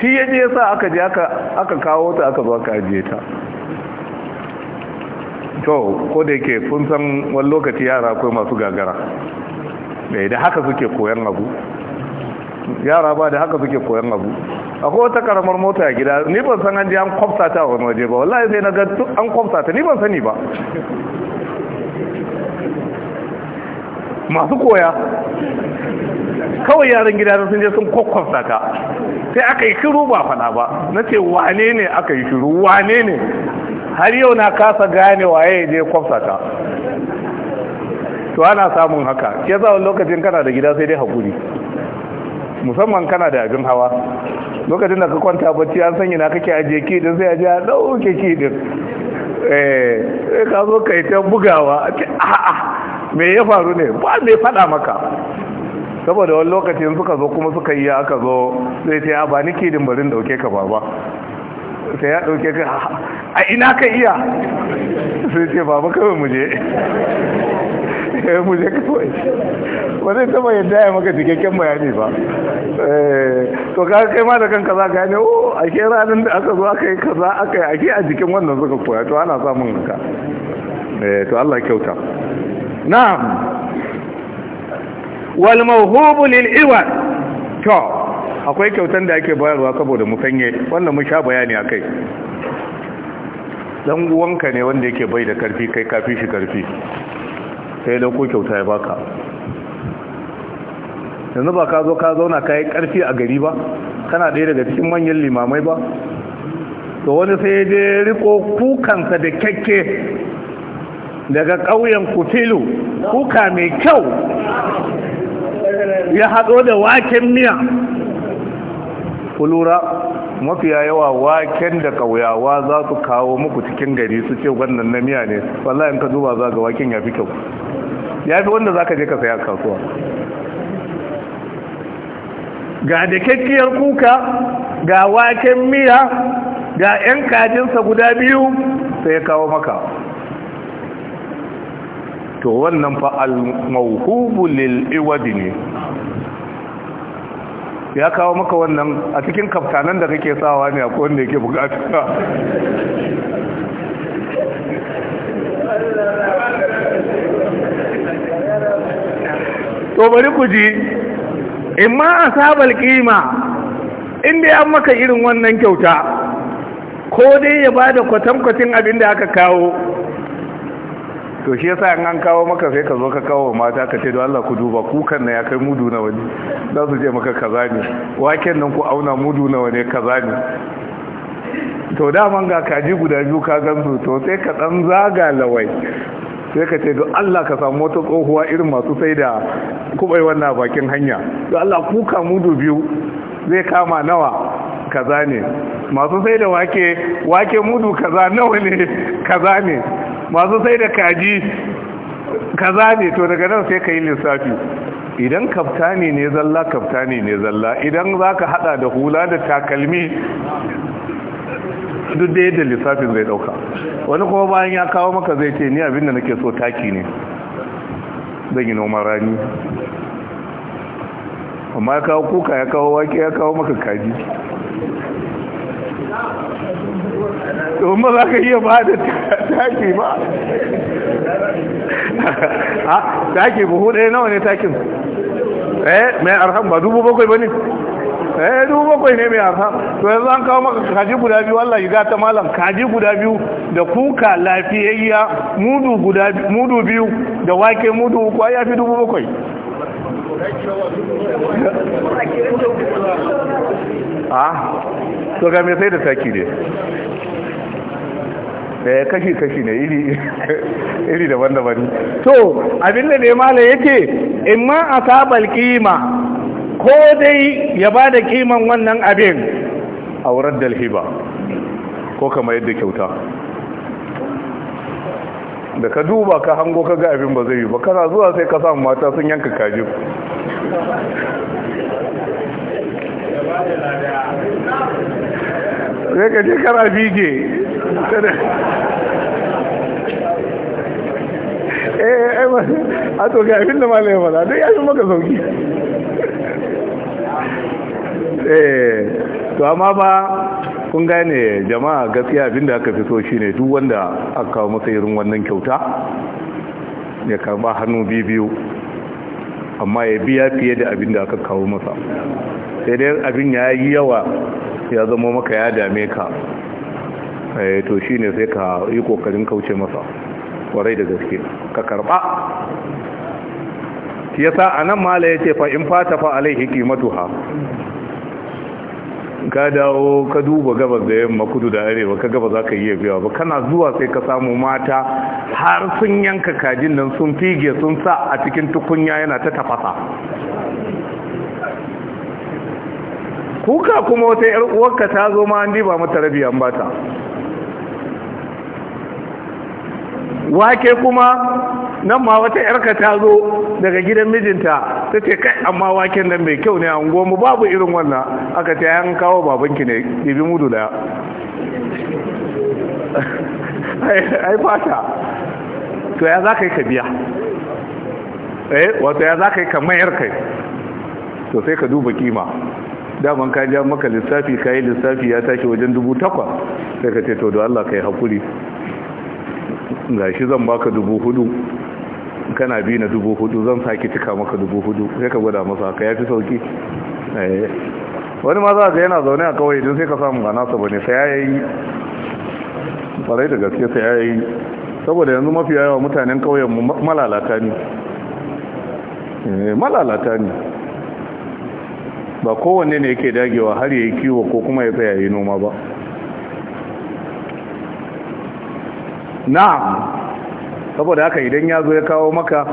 shi ya je sa aka je aka aka kawo ta aka zo aka ajiye ta to ko da yake sun san wani lokaci yara akwai masu gagara eh, da haka suke koyan abu yara ba da haka suke koyan abu akwai wata karamar mota a gida ni ban san an an kwamsa ta wani waje ba wallahi sai na ga an kwamsa ta ni ban sani ba masu koya kawai yaran gida sun je sun kwakwafta ta sai aka yi shiru ba fana ba na ce wane ne aka yi shiru wane ne har yau na kasa gane waye je kwamsa ta to ana samun haka ke zawon lokacin kana da gida sai dai haƙuri musamman kana da abin hawa lokacin da ka kwanta bacci an sanya na kake aje kidin sai aje a dauke kidin eh ka zo kai ta bugawa a'a me ya faru ne ba me fada maka saboda wani lokacin suka zo kuma suka yi aka zo sai ta ba ni kidin barin dauke ka ba. ta ya dauke ka a ina ka iya sai ce baba kawai muje. Muje eh, ya mu je kawai ba zai taba yadda ya maka cikakken bayani ba eh, to ka kai ma da kanka za ka ne o oh, a ke ranar da aka zo aka yi kaza aka yi ake a jikin wannan suka koya to ana samun haka eh, to Allah kyauta na'am wal mawhubu lil iwad to akwai kyautan da ake bayarwa saboda musanye wannan mun sha bayani akai. dan uwanka ne wanda yake bai da karfi kai kafi shi karfi sai da ku kyauta ya baka yanzu ba ka zo ka zauna ka yi karfi a gari ba kana ɗaya daga cikin manyan limamai ba to wani sai ya je riko kukansa da kyakke daga ƙauyen kutilu kuka mai kyau ya haɗo da waken miya kulura mafiya yawa waken da kauyawa za su kawo muku cikin gari su ce wannan na miya ne wallahi in ka duba za ga waken ya fi kyau ya fi wanda za ka je ka saya kasuwa ga da kuka ga waken miya ga 'yan kajinsa guda biyu sai ya kawo maka to wannan fa al-mawhubu lil iwadi ne ya kawo maka wannan a cikin kaftanan da kake sawa ne a wanda yake bukata to bari ku ji in ma a sabal kima inda ya maka irin wannan kyauta ko dai ya ba da kwatankwacin abin da aka kawo to shi yasa in an kawo maka sai ka zo ka kawo mata ka ce don Allah ku duba kukan na ya kai mudu na wani za su je maka kaza ne waken nan ku auna mudu na wani kaza ne to daman ga kaji guda biyu ka gansu to sai ka dan zaga lawai sai ka ce don Allah ka samu wata tsohuwa irin masu saida da kubai wannan bakin hanya don Allah kuka mudu biyu zai kama nawa kaza ne masu sai da wake wake mudu kaza nawa ne kaza ne masu sai da kaji kaza ne to daga nan sai ka yi lissafi idan kaftani ne zalla kaftani ne zalla idan za ka hada da hula da takalmi duk da yadda lissafin zai dauka wani kuma bayan ya kawo maka zai ce ni abinda nake so taki ne zan yi noman rani amma ya kawo kuka ya kawo wake ya kawo maka kaji domin za ka iya ba da taki ba ha taki buhu ɗaya nawa ne takin eh mai arham ba dubu bakwai ba ne eh dubu bakwai ne mai arham to yanzu an kawo maka kaji guda biyu Allah ya ta malam kaji guda biyu da kuka lafiyayya mudu mudu biyu da wake mudu uku ya fi dubu bakwai a ah, to ga mai sai da taki ne kashi-kashi eh, ne iri daban-daban *laughs* to abinda da mala yake in ma a sabal kima ko dai ya bada da kiman wannan abin a wurin dalhiba ko kama yadda kyauta da ka duba ka hango ka ga abin ba zai yi ba kana zuwa sai ka samu mata sun yanka kajin sai ka je kana bige eh, eh a to ga abin da malai fada don ya shi maka sauki eh to amma ba kun gane jama'a gaskiya abin da aka fito ne duk wanda aka kawo masa irin wannan kyauta ya karba hannu biyu amma ya biya fiye da abin da aka kawo masa sai dai abin ya yi yawa ya zama maka ya dame ka eh, to shi ne sai ka yi kokarin kauce masa warai da gaske ka karba ya sa nan anan mala ya fa in fata fa hikimatu matuha. ka dawo ka duba gabas da yamma kudu da arewa ka gaba za ka yi biya ba kana zuwa sai ka samu mata har sun yanka kajin nan sun fige sun sa a cikin tukunya yana ta tafasa kuka kuma wata yar uwarka ta zo ma an diba mata rabi an bata wake kuma nan ma wata yarka ta zo daga gidan mijinta ta ce kai amma waken nan mai kyau ne a unguwanmu babu irin wannan aka ce yan kawo babanki ne ɗibi mudu da *laughs* ai fata to ya za ka yi ka biya eh wato ya za ka yi ka mayar kai to sai ka duba kima daman ka ja maka lissafi ka yi lissafi ya tashi wajen dubu takwa sai ka ce to da Allah ka yi haƙuri ga shi zan baka dubu hudu kana bi na dubu hudu zan sake cika maka dubu hudu sai ka gwada masa haka ya fi sauki eh. wani maza yana zaune a kawai don sai ka samu a nasa bane sai ya yi farai da gaske sai ya saboda yanzu mafi yawa mutanen kauyen mu malalata ne eh, malalata ne ba kowanne ne yake dagewa har ya yi kiwo ko kuma ya tsaya noma ba na'am saboda haka idan ya zo ya kawo maka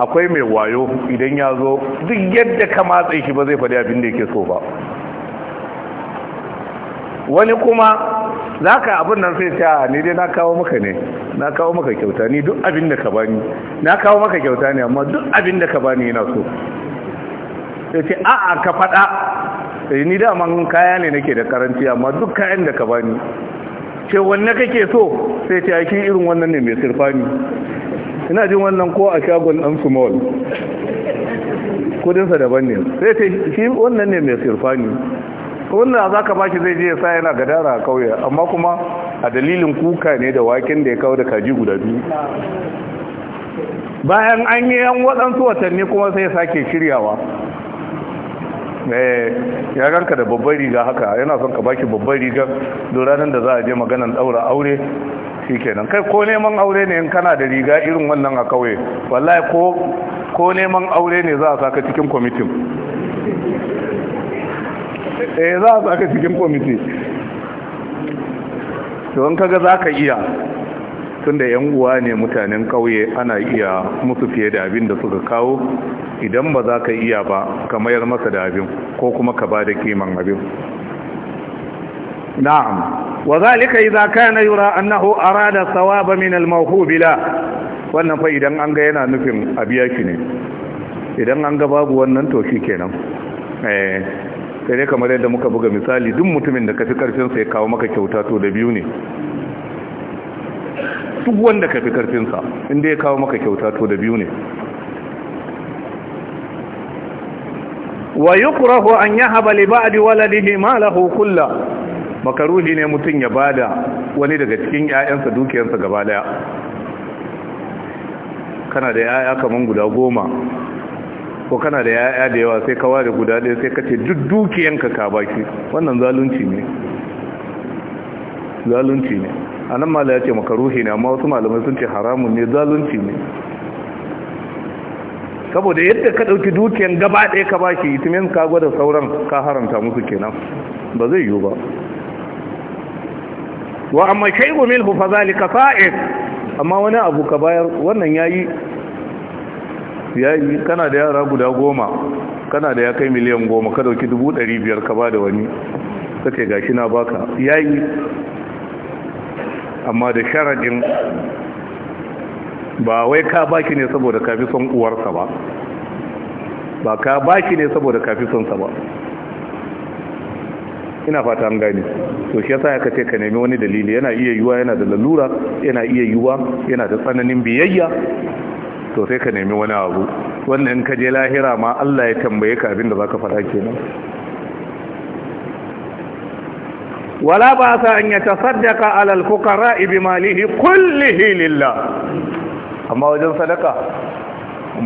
akwai mai wayo idan ya zo duk yadda ka matsa shi ba zai faɗi abin da yake so ba wani kuma za ka abin nan sai ta ne dai na kawo maka ne na kawo maka kyauta ni duk abin da ka bani na kawo maka kyauta ne amma duk abin da ka bani yana so sai ce a'a ka faɗa eh, ni da daman kaya ne nake da karanci amma duk kayan da ka bani ce wanne kake so sai ce aikin irin wannan ne mai sirfani ina jin wannan ko a shagon dan small kudinsa daban ne sai ce shi wannan ne mai sirfani wannan za ka baki zai je ya sa yana gadara a kauye amma kuma a dalilin kuka ne da waken da ya kawo da kaji guda biyu bayan an yi yan waɗansu watanni kuma sai sake shiryawa Eh, ya ranka da babbar riga haka yana son ka baki babbar riga don ranar da za a je maganan daura aure shi kenan kai ko neman aure ne in kana da riga irin wannan a kauye wallahi ko ko neman aure ne za a saka cikin kwamitin eh za a saka cikin kwamiti to in kaga za ka iya tunda yan uwa ne mutanen kauye ana iya musu fiye da abin da suka kawo idan ba za ka iya ba ka mayar masa da abin ko kuma ka ba da kiman abin na'am wa zalika idza kana yura annahu arada thawaba min al-mawhub la wannan fa idan an ga yana nufin abiya shi ne idan an ga babu wannan to kenan. eh sai dai kamar yadda muka buga misali duk mutumin da ka fi karfin ya kawo maka kyauta to da biyu ne duk wanda ka fi karfinsa inda ya kawo maka kyauta to da biyu ne wa yukrahu an yahaba li ba'di waladihi malahu kullu makaruhi ne mutum ya bada wani daga cikin 'ya'yansa dukiyarsa gaba daya kana da ƴaƴa kaman guda goma ko kana da 'ya'ya da yawa sai ka ware guda ɗaya sai ka ce duk dukiyanka ka baki wannan zalunci ne zalunci ne a nan mala ya ce makaruhi ne amma wasu malamai sun ce haramun ne zalunci ne saboda yadda ka ɗauki dukiyan gaba ɗaya ka shi itimin ka gwada sauran ka haramta musu kenan ba zai yiwu ba wa amma shaibu milhu fa zalika sa'id amma wani abu ka bayar wannan yayi yayi kana da yara guda goma kana da ya kai miliyan goma ka dauki dubu ɗari biyar ka ba da wani ka ce gashi na baka yayi amma da sharaɗin ba wai ka baki ne saboda kafi son uwarsa ba ba ka baki ne saboda kafi son sa ba ina fata an gani to shi yasa aka ce ka nemi wani dalili yana iya yuwa yana da lalura yana iya yuwa yana da tsananin biyayya to sai ka nemi wani abu wannan ka je lahira ma Allah ya tambaye ka abin da zaka faɗa kenan wala ba sa an yata sadaka alal fukara ibi malihi kullihi lillah amma wajen sadaka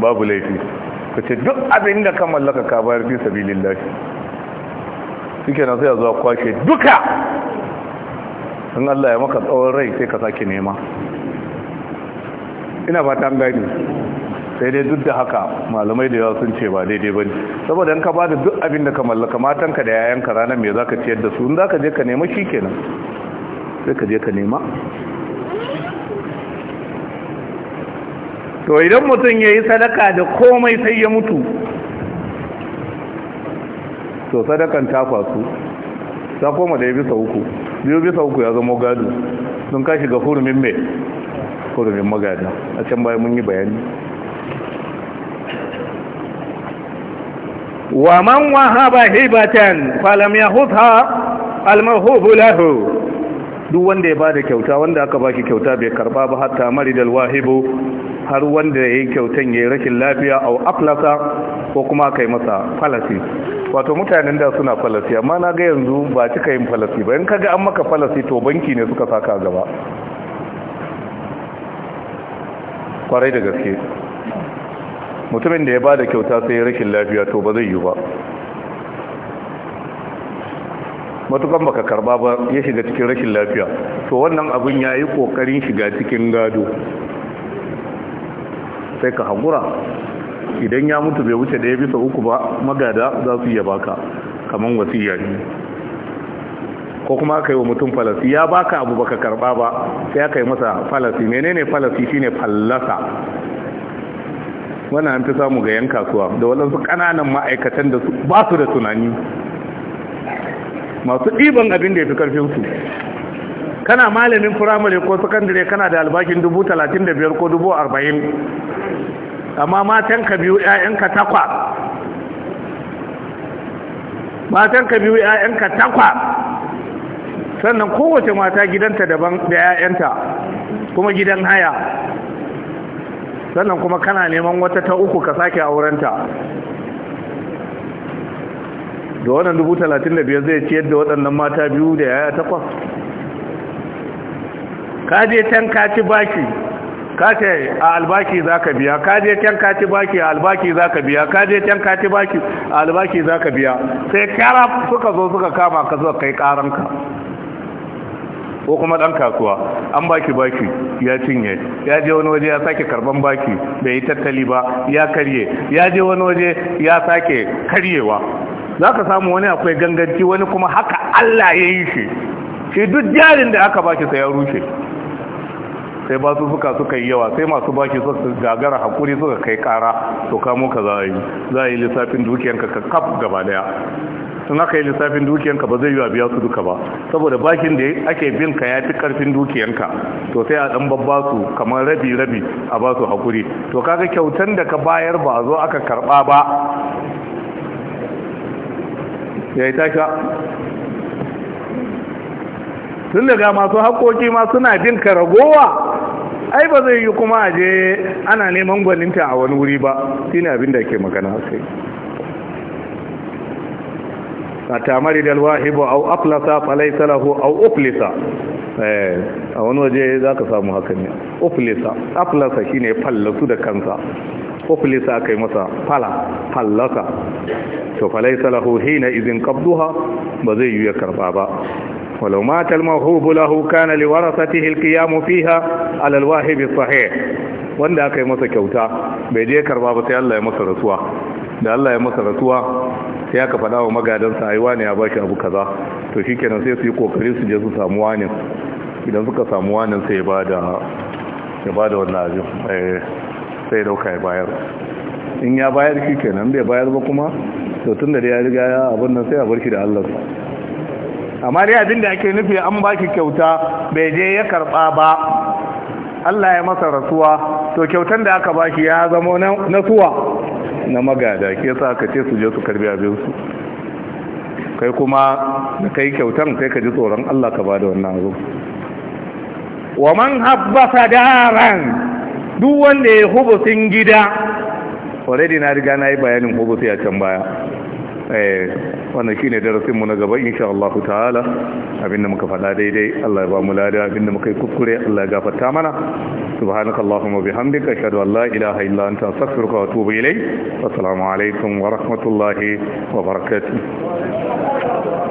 babu laifi ka ce duk abin da ka mallaka ka bayar fi sabilillah suke na sai a zuwa kwashe duka in Allah ya maka tsawon rai sai ka sake nema ina fatan ta gani sai dai duk da haka malamai da yawa sun ce ba daidai ba ne saboda in ka ba da duk abin da ka mallaka matanka da yayanka ranar me za ciyar da su in za ka je ka nema shi kenan sai ka je ka nema to idan mutum ya yi sadaka da komai sai ya mutu to sadakan ta fasu ta koma da ya bisa uku biyu bisa uku ya zama gado sun kashi ga hurumin mai hurumin magada a can bayan mun yi bayani ومن وهب هبة فلم يهبها الموهوب له duk wanda ya bada kyauta wanda aka baki kyauta bai karba ba hatta maridal wahibu har wanda ya yi kyautan ya yi rashin lafiya au aflasa ko kuma aka masa falasi wato mutanen da suna falasi amma na ga yanzu ba cika yin falasi ba in kaga an maka falasi to banki ne suka saka gaba kwarai da gaske mutumin da ya ba da kyauta sai rashin lafiya to ba zai yi ba matukan baka karba ba ya shiga cikin rashin lafiya to wannan abin ya yi kokarin shiga cikin gado sai ka hangura idan ya mutu bai wuce ya bisa uku ba magada za su iya baka kamar wasiya ne ko kuma aka yi wa mutum falasi ya baka abu baka karba ba sai aka yi masa falasi menene falasi shine fallasa wannan an fi samu ga yan kasuwa da waɗansu ƙananan ma'aikatan da ba su da tunani masu ɗiban abin da ya fi ƙarfinsu kana malamin firamare ko sakandare kana da albakin dubu talatin da biyar ko dubu arba'in amma matanka biyu 'ya'yanka takwa ka biyu 'ya'yanka takwa sannan kowace mata gidanta daban da 'ya'yanta kuma gidan haya sannan kuma kana neman wata ta uku ka sake aurenta da wannan dubu talatin da biyar zai ciyar da waɗannan mata biyu da yaya takwas ka je can ka ci baki ka ce a albaki za ka biya ka je can ka ci baki a albaki za ka biya ka je can ka ci baki a albaki za ka biya sai kyara suka zo suka kama ka zo kai karanka ko kuma ɗan kasuwa an baki baki ya cinye ya je wani waje ya sake karban baki bai yi tattali ba ya karye ya je wani waje ya sake karyewa za ka samu wani akwai ganganci wani kuma haka Allah ya yi shi shi duk jarin da aka baki sai ya rushe sai ba su suka suka yi yawa sai masu baki su gagara hakuri suka kai kara to kamo ka za a yi za a yi lissafin dukiyanka ka kaf gaba daya sun aka yi lissafin dukiyanka ba zai yi biya su duka ba saboda bakin da ake bin ka ya fi karfin dukiyanka to sai a dan babba su kamar rabi rabi a ba su hakuri to kaga kyautan da ka bayar ba a zo aka karba ba ya yi sha. tun daga masu haƙoƙi ma suna bin ka ragowa ai ba zai yi kuma je ana neman gwaninta a wani wuri ba shine abin da ke magana sai tamari da alwahibu aw aflasa falaysa lahu aw uflisa eh a wani waje za ka samu haka ne uflisa aflasa ne fallasu da kansa uflisa kai masa fala fallasa to falaysa lahu hina izin kabduha ba zai yi karba ba ولو مات الموهوب له كان لورثته القيام فيها على الواهب الصحيح wanda aka yi masa kyauta bai je karba ba sai Allah ya masa rasuwa da Allah ya masa rasuwa sai aka faɗa wa magadansa ai wani ya shi abu kaza to shikenan sai su yi kokari su je su samu wani idan suka samu wani sai ba da ya ba da wannan abin eh, sai dauka ya bayar in ya bayar shikenan bai bayar ba kuma to tun da ya riga ya abin nan sai a barki da Allah amma dai abin da ake nufi an baki kyauta bai je ya karba ba Allah ya masa rasuwa to kyautan da aka baki ya zama na suwa na magada ke sa ka ce su je su karbi abinsu kai kuma da kai kyautan sai ka ji tsoron Allah ka ba da wannan abu wa man habbasa daran duk wanda ya hubusin gida already na riga na yi bayanin hubusi a can baya Eh, wannan shine darasin mu na gaba insha Allah ta'ala abinda muka faɗa daidai Allah ya ba mu lada abinda muka yi kuskure Allah ya gafarta mana subhanakallahumma bihamdika ashhadu an la ilaha illa anta astaghfiruka wa atubu ilayk assalamu alaikum wa rahmatullahi wa barakatuh